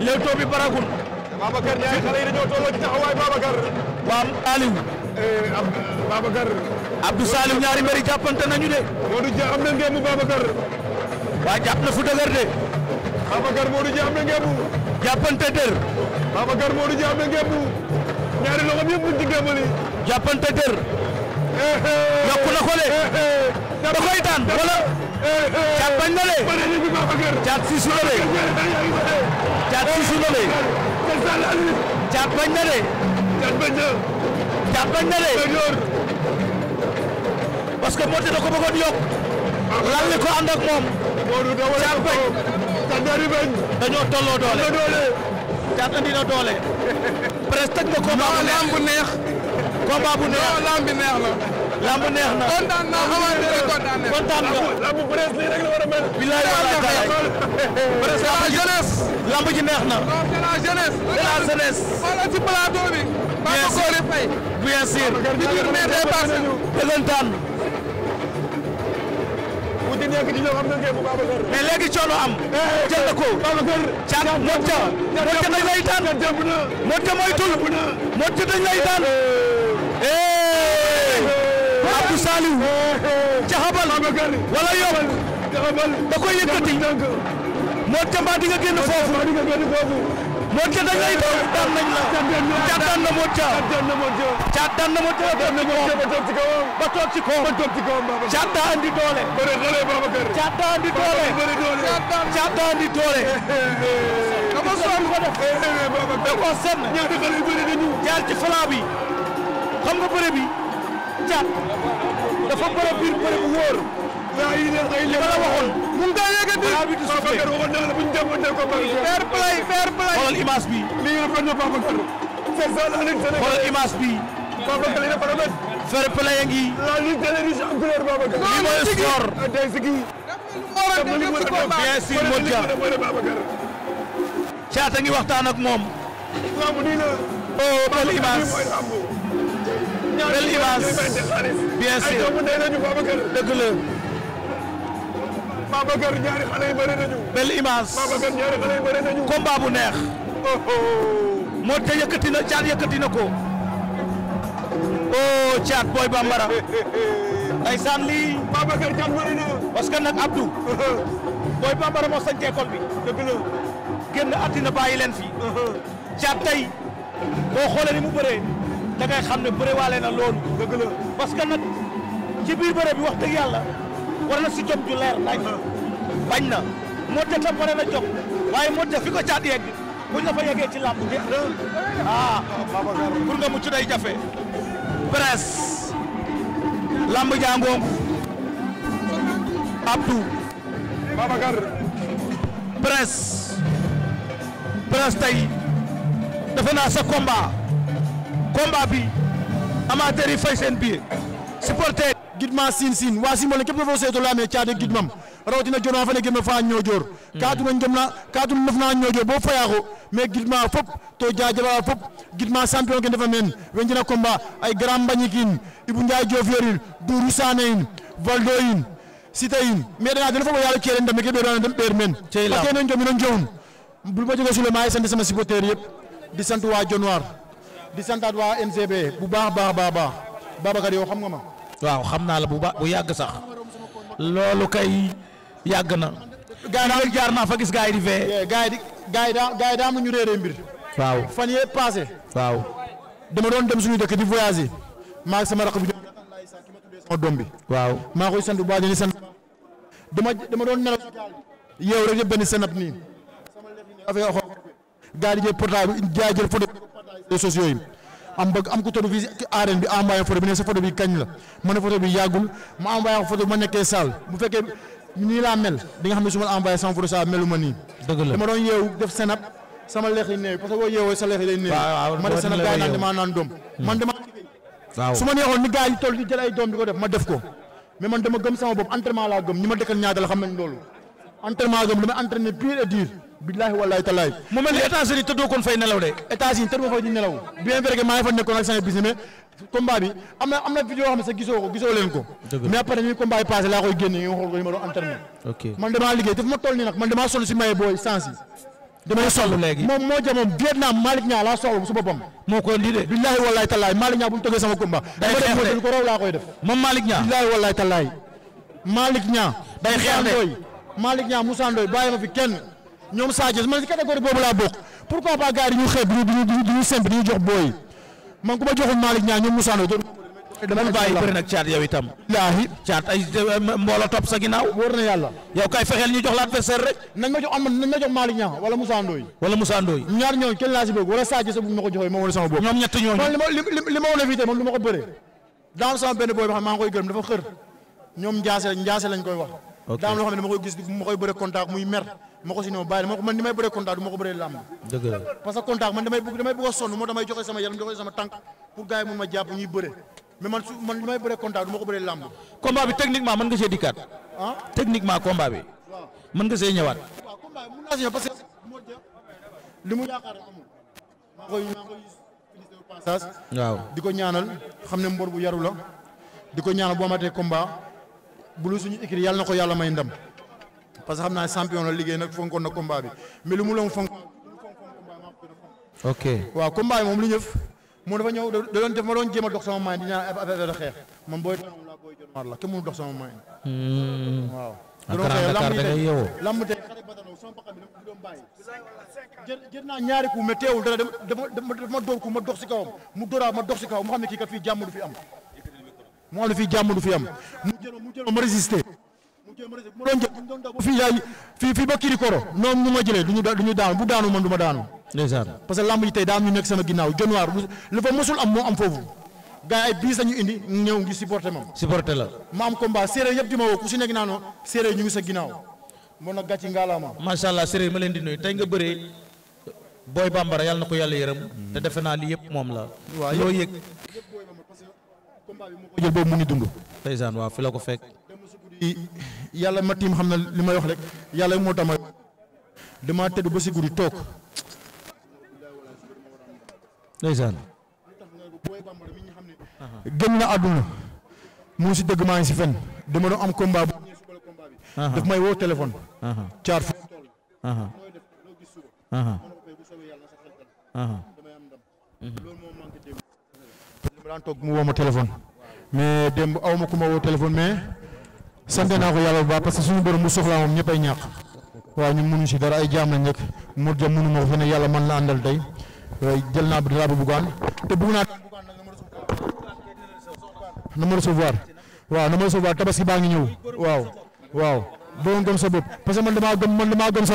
lewtoo bi baragul. Babacar ñaari xale yi dañoo tolloo ci taxawaay Babacar. waaw Aliou. Eh, Babacar. Abdou ñaari mbëri jàppante nañu de. Modou Dia am na ngemu Babacar. waa jàpp fu dëgër de. Babacar Modou Dia am na ngemu. jàppante dër. Babacar Modou Dia am na ngemu. ñaari loxo eh, eh. na ko caat eh, bañ na de. caat si suuna de. caat si suuna de. caat bañ na de. caat bañ na de. parce que Moté da ko bëggoon yokk. lan li ko ànd moom. caat bañ. dañoo tolloo doole. doole. presque tëj nga combat bu neex lamb bu neex. combat bu neex non lamb bi neex la. lamb neex na kontaan naa xamante ne kontaan nañ. kontaan nga lamb presse lii rek la war a mel. bilaay walaay talaay presse la jeunesse. lamb ji neex na. non c'est la jeunesse. c'est la jeunesse. wala ci plateau bi. bien sûr Papa Kori Faye. bien sûr. di jur mais day passé. dëggantaan. di nekk di ñëw am na ngeen bu Babacar. mais léegi coono am. Eh, eh, jël na ko. Babacar Thiam Modou Thiam. Modou mooy tull. Modou Thiam dañ lay daan. Eh, Abdou Saliou. jaxabal wala yokk. da yëkkati. Modou Thiam ba nga génn foofu. Modou Dia dañ lay daw daan nañ la caat daan na Modou Dia caat daan na Modou Dia ba toog ci kawam ba toog ci kawam ba toog ci kawam caat daa andi doole bëre xale Babacar caat daa andi ko def eh, eh, eh, da ko senn ñaata xale yu bëri jaar ci fala bi xam nga bëre bi caat dafa bëre biir bëre bu daa yi ne ay lépp la waxoon. mu ngi koy yëkkati. waaw bi du soufflé Babacar waxoon na la bu ñu dem ba tey ko. fair play fair play. xoolal image bi. lii rafet na Babacar. c'est ça la Ligue Sénégal. xoolal image bi. Babacar lii dafa rafet. fair play a ngi. la Ligue télévision en couleur Babacar. lii mooy sport. tey si kii. bien sûr Modja. Caat a ngi waxtaan ak moom. waaw nii la. oh belle image. belle image. bien sûr dëgg la. Babacar ñaari xale yi neex. Oh, oh. moo te yëkkati na caat yëkkati na ko. oh caat booy bambara. ndeysaan lii. Babacar caat bëri na. parce que booy bambara moo sañ bi. dëgg la. génn àddina leen fi. caat tey boo xoolee ni mu bëree da xam ne bërewaale na loolu. dëgg la parce que nag ci biir bëre bi wax dëgg yàlla. war na si jóg ju bañ na moo te tam pare na jóg waaye moo te fi ko caat yegg buñ la fa yeggee ci làmb bi ah pour nga mucc day jafe presse làmb jàngoongu Abdou Babacar presse presse tey defe naa sa combat combat bi amateur fay seen biir supporter gidma sin sin wa simole kep fo seeto laame caade gidmam rawatina jona fane gem fa ñojoor kaatu no gemna kaatu nafna ñojoor bo fayaxo mais gidma fop to jaajaba fop gidma champion ay grand mbañikin ibu njaay jof yoril duru sane in valdo in sita in mais dana den fo yalla kere ndam ke be do dem ber men ke non jomino jowun bulma jogo baax baax baax baax Babacar yow xam nga ma waaw xam naa la bu ba bu yàgg sax loolu kay yàgg na. gaa yi daal jaar naa fa gis gaa yi di fee. gaa yi di ñu réeree mbir. waaw fan yee passé. waaw dama doon dem suñu dekkee di voyager. maa sama rakk bi ñëw. sama doom bi. waaw maa koy sant bu baax di sant. dama dama doon nelaw. yow rek benn senap nii. affaire yoo xam. gaa yi di jël portable jaay jël photo réseaux sociaux yi. am bëgg am ko toll fii arène bi envoyé photo bi ne sa photo bi kañ la ma ne photo bi yàggul ma envoyé ko bi ma nekkee salle bu fekkee nii laa mel di nga xam ne su ma la envoyé sama photo sa leex yi day néew. ma def hmm. man dama. waaw su ma neexoon ni gars yi toll di jël ay doom di ko def ma def ko mais man dama gëm sama bopp entraînement laa gëm ñi ma dëkkal ñaata la xam nañ loolu entraînement gëm lu ma entraîné pire et dur billahi wallahi talaay mu mel ni États-Unis tëddoo koon fay fay di nelaw bien vrai que maa ngi fa nekkoon ak sama business mais combat bi am na am na vidéo yoo xam ko gisoo leen ko ni combat yi passé laa koy génne nga xool ko yi ma doon entraîné man damaa liggéey daf ma toll nii nag man damaa sonn si maye booy sens yi damay soxla léegi moom moo jamoon Vietnam Malick Niang laa soxla su boppam moo koy indi de billahi wallahi talaay Malick Niang bu mu toggee ñoom Sadio man si catégorie boobu laa bokk pourquoi pas gars yi ñu xeeb du ñu du du ñu jox booy man ku ma joxul Malick Niang ñoom euh, na yàlla. yow kay fexeel ñu jox la adversaire rek. nañ ma jox am ñaar ñooñu kenn laa si bëgg wala Sadio sa bu ma ko joxee ma wala sama bopp. ñoom ñett ñooñu man li ma li ma woon évité du ma ko bëree. daam sama benn booy boo xam maa ngi koy gërëm dafa xër ñoom njaase njaase lañ koy wax daa am loo xam ne dama koy gis ma koy bëre contact muy mer ma ma bàyyi ma ko may bëre contact du ma ko bëree làmb dëgg la parce que contact man damay bëgg damay a sama yaram joxe sama tànk pour gars yi mun ma jàpp ñuy bëre may bëree contact du ma ko bëree làmb techniquement mën nga see dikkaat techniquement combat bi mën nga see ñëwaat waaw combat bi mun naa di ko ñaanal xam ne mbor la di ko ñaanal bu amatee combat bulu suñu écrit yàlla na ko yàlla may ndam parce que xam naa champion la liggéey nag fonkoon na combat bi mais lu mu loon ok waaw combat yi moom lu ñëf moom dafa ñëw da doon def ma doon jéem a dox sama maay di ñaan affaire de xeex man booy maar la kenn mënu dox sama maay hmm. waaw lamb tey xare badanoo sama bakkan bi dama doon bàyyi jël naa ñaari coup mais teewul dara dama dama dama dóor ko ma dox si kawam mu dóoraa ma dox si kawam mu xam ne kii kat fii jàmm du fi am moo lu jàmm du fi am mu jëloon mu jëloon ma résister mu jëloon ma résister bu doon ba Kirikoro noonu ma jëlee du ñu du ñu daanu bu daanu man du ma daanu. ndeysaan parce que lamb yi tey daa am nekk sama ginnaaw januar lu fa mosul am moo am foofu. gars ay biis lañu indi ñëw ngi supporté ma. supporté la ma am combat séeréer yëpp di ma woo ku si nekk naa noonu séeréer ñu ngi sa ginnaaw mën na gàcci ngaalaama. macha allah séeréer ma leen di nuyu tey nga bëree booy bambara yal na ko yàlla yërëm. te defe naa lii yëpp moom la. waaw loo yëg combat bi moo ko jël boobu mu ngi dund. ndeysaan waaw fi la ko fekk. yàlla ma tiim xam na li ma wax rek yàlla moo tax ma damaa tëdd ba si guddi toog. ndeysaan. gën na àdduna. mu si dëgg maa ngi si fen dama doon am combat bu. daf may woo téléphone. caar fu. daan toog mu woo ma téléphone mais démb aw ma ku ma woo téléphone mais sant naa ko yàlla bu baax parce que suñu borom mu soxlaa moom ñëpp ay ñàkk waaw ñun mënuñ si dara ay jaam lañ rek mu jëm mënu ma ko fi ne yàlla man la àndal tey euh, jël naa dara bu bugaan te bugg naa na ma waaw na ma tabaski baa ngi ñëw waaw waaw boo gëm sa bopp parce man damaa gëm man damaa gëm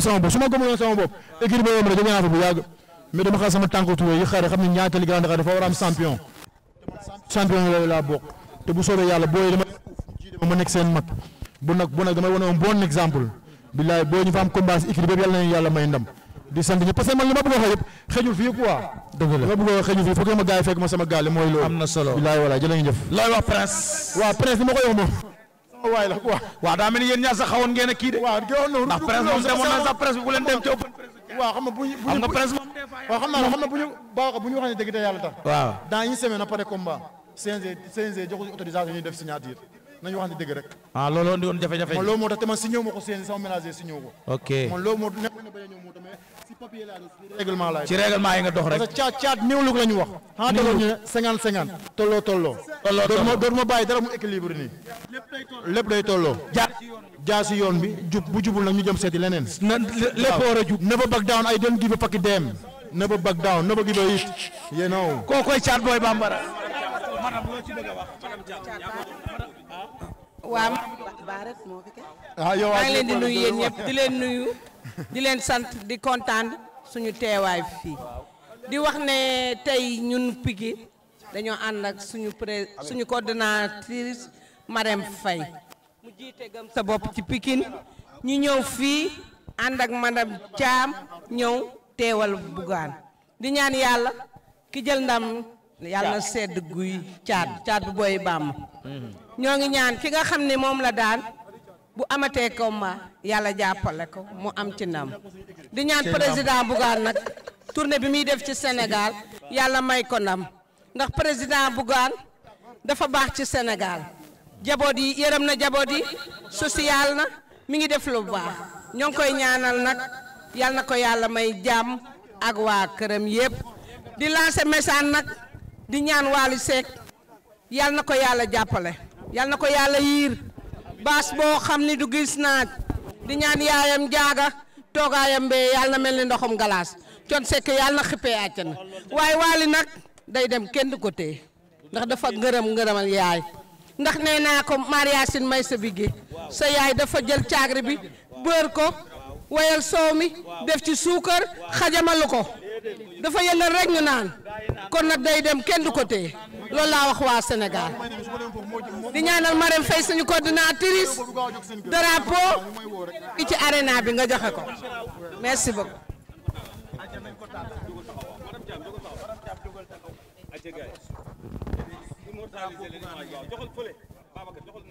sama bopp su ma gëmuloon sama bopp équipe boobu rek jóge naa mais dama xaar sama tànk tuuti yi xare xam ne ñaata Ligue 1 dafa war a am champion. champion yooyu laa bokk te bu soobee yàlla booy dama nekk seen mag bu nag bu nag damay wane un bon exemple billaay boo ñu fa am combat si équipe yàlla nañu yàlla may ndam di sant ñëpp parce que man li ma bëgg a fii quoi. dëgg la a fekk ma sama gaale mooy loolu. am na solo billaay jëf. a waaw xam nga bu ñu bu ñu waaw na bu ñu baax bu dëgg te yàlla tax. waaw dans une semaine après combat CNG CNG joxu autorisation ñu def signature nañu wax ne dëgg rek. ah looloo indi woon jafe-jafe yi. loolu moo tax te ma ko CNG sama ménager signé ko. ok man loolu moo nekk a si papier laa ci règlement yi nga dox rek. parce que caat caat wax. xanaa daloon ñu ne cinquante tolloo tolloo. dootuma dootuma dara mu équilibre nii. lépp day tolloo si yoon bi jub bu jubul nag ñu jëm seeti leneen. na lépp war a jub. never back down I don't give a fucking damn. never back down never give a koo koy caat booy bambara. waaw. ah maa ngi leen di nuyu yéen ñëpp di leen nuyu di leen sant di kontaan suñu teewaay fii di wax ne tey ñun Pigi dañoo ànd ak suñu pré suñu coordonnatrice Marème Faye mu jiite sa bopp ci Pikine ñu ñëw fii ànd ak madame Thiam ñëw teewal Bougane di ñaan yàlla ki jël ndam yàlla sedd guy caat caat bu booy bàmm ñoo ngi ñaan ki nga xam ne moom la daan bu amatee combat yàlla jàppale ko mu am ci ndam di ñaan président Bougane nag tournée bi muy def ci Sénégal yàlla may ko ndam ndax président Bougane dafa baax ci Sénégal jaboot yi yërëm na jaboot yi social na mi ngi def lu baax ñoo ngi koy ñaanal nag yal na ko yàlla may jàmm ak waa këram yëpp di lancer message nag di ñaan Wally Seck yal na ko yàlla jàppale yal na ko yàlla yiir baas boo xam ni du gis naaj di ñaan yaayam jaaga toogaayam bee yal na mel ni ndoxum galaas con sekk yal na xippee àcc na waaye Wally nag day dem kenn du ko téye ndax dafa ngërëm ngërëmal yaay ndax nee naa ko Mariasin may sa bigge sa yaay dafa jël caagri bi bër ko woyal soow mi def ci suukar xajamalu ko dafa yëngal rek ñu naan kon nag day dem kenn du ko téye loolu laa wax waa Sénégal di ñaanal Marème Faye suñu coordinatrice drapeau ci arena bi nga joxe ko merci beaucoup. centraliser leen waaw joxal fële Babacar joxal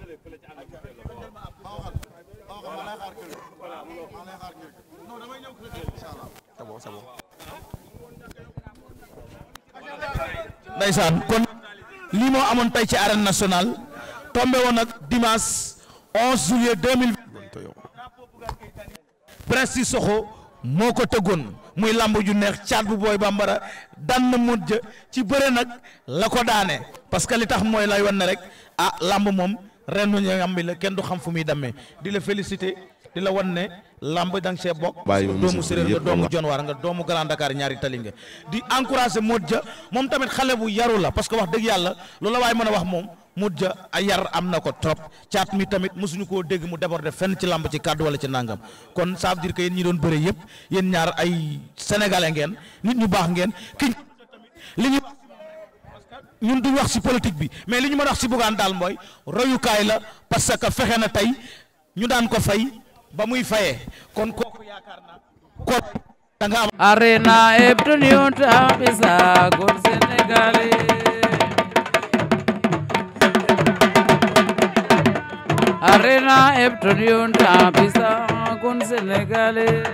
moo amoon tey ci arène nationale tombé woon ak dimanche 11 juillet 2020 moo ko tëggoon muy lamb ju neex caat bu booy bambara daan na mot ja ci bëre nag la ko daane parce que li tax mooy lay wan ne rek ah lamb moom ren ñu am bi la kenn du xam fu muy demee di la félicité di la wan ne lamb da nga see bokk. doomu séréer nga doomu jonwaar nga doomu Grand Dakar ñaari tali di encourager mot ja moom tamit xale bu yaru la parce que wax dëgg yàlla loola waaye mën a wax moom. mujja a yar am na ko trop caat mi tamit mosuñu koo dégg mu déborder fenn ci làmb ci kàddu wala ci nangam kon ça veut dire que yéen ñi doon bëre yëpp yéen ñaar ay sénégalais ngeen nit ñu baax ngeen kiñ li ñu ñun duñ wax si politique bi mais li ñu mën a wax si Bougane daal mooy royukaay la parce que fexe na tey ñu daan ko fay ba muy fayee kon kooku yaakaar naa ko da nga am arena ebtoniot abisa gor Arena Eptonion Tapisa Gun Senegalais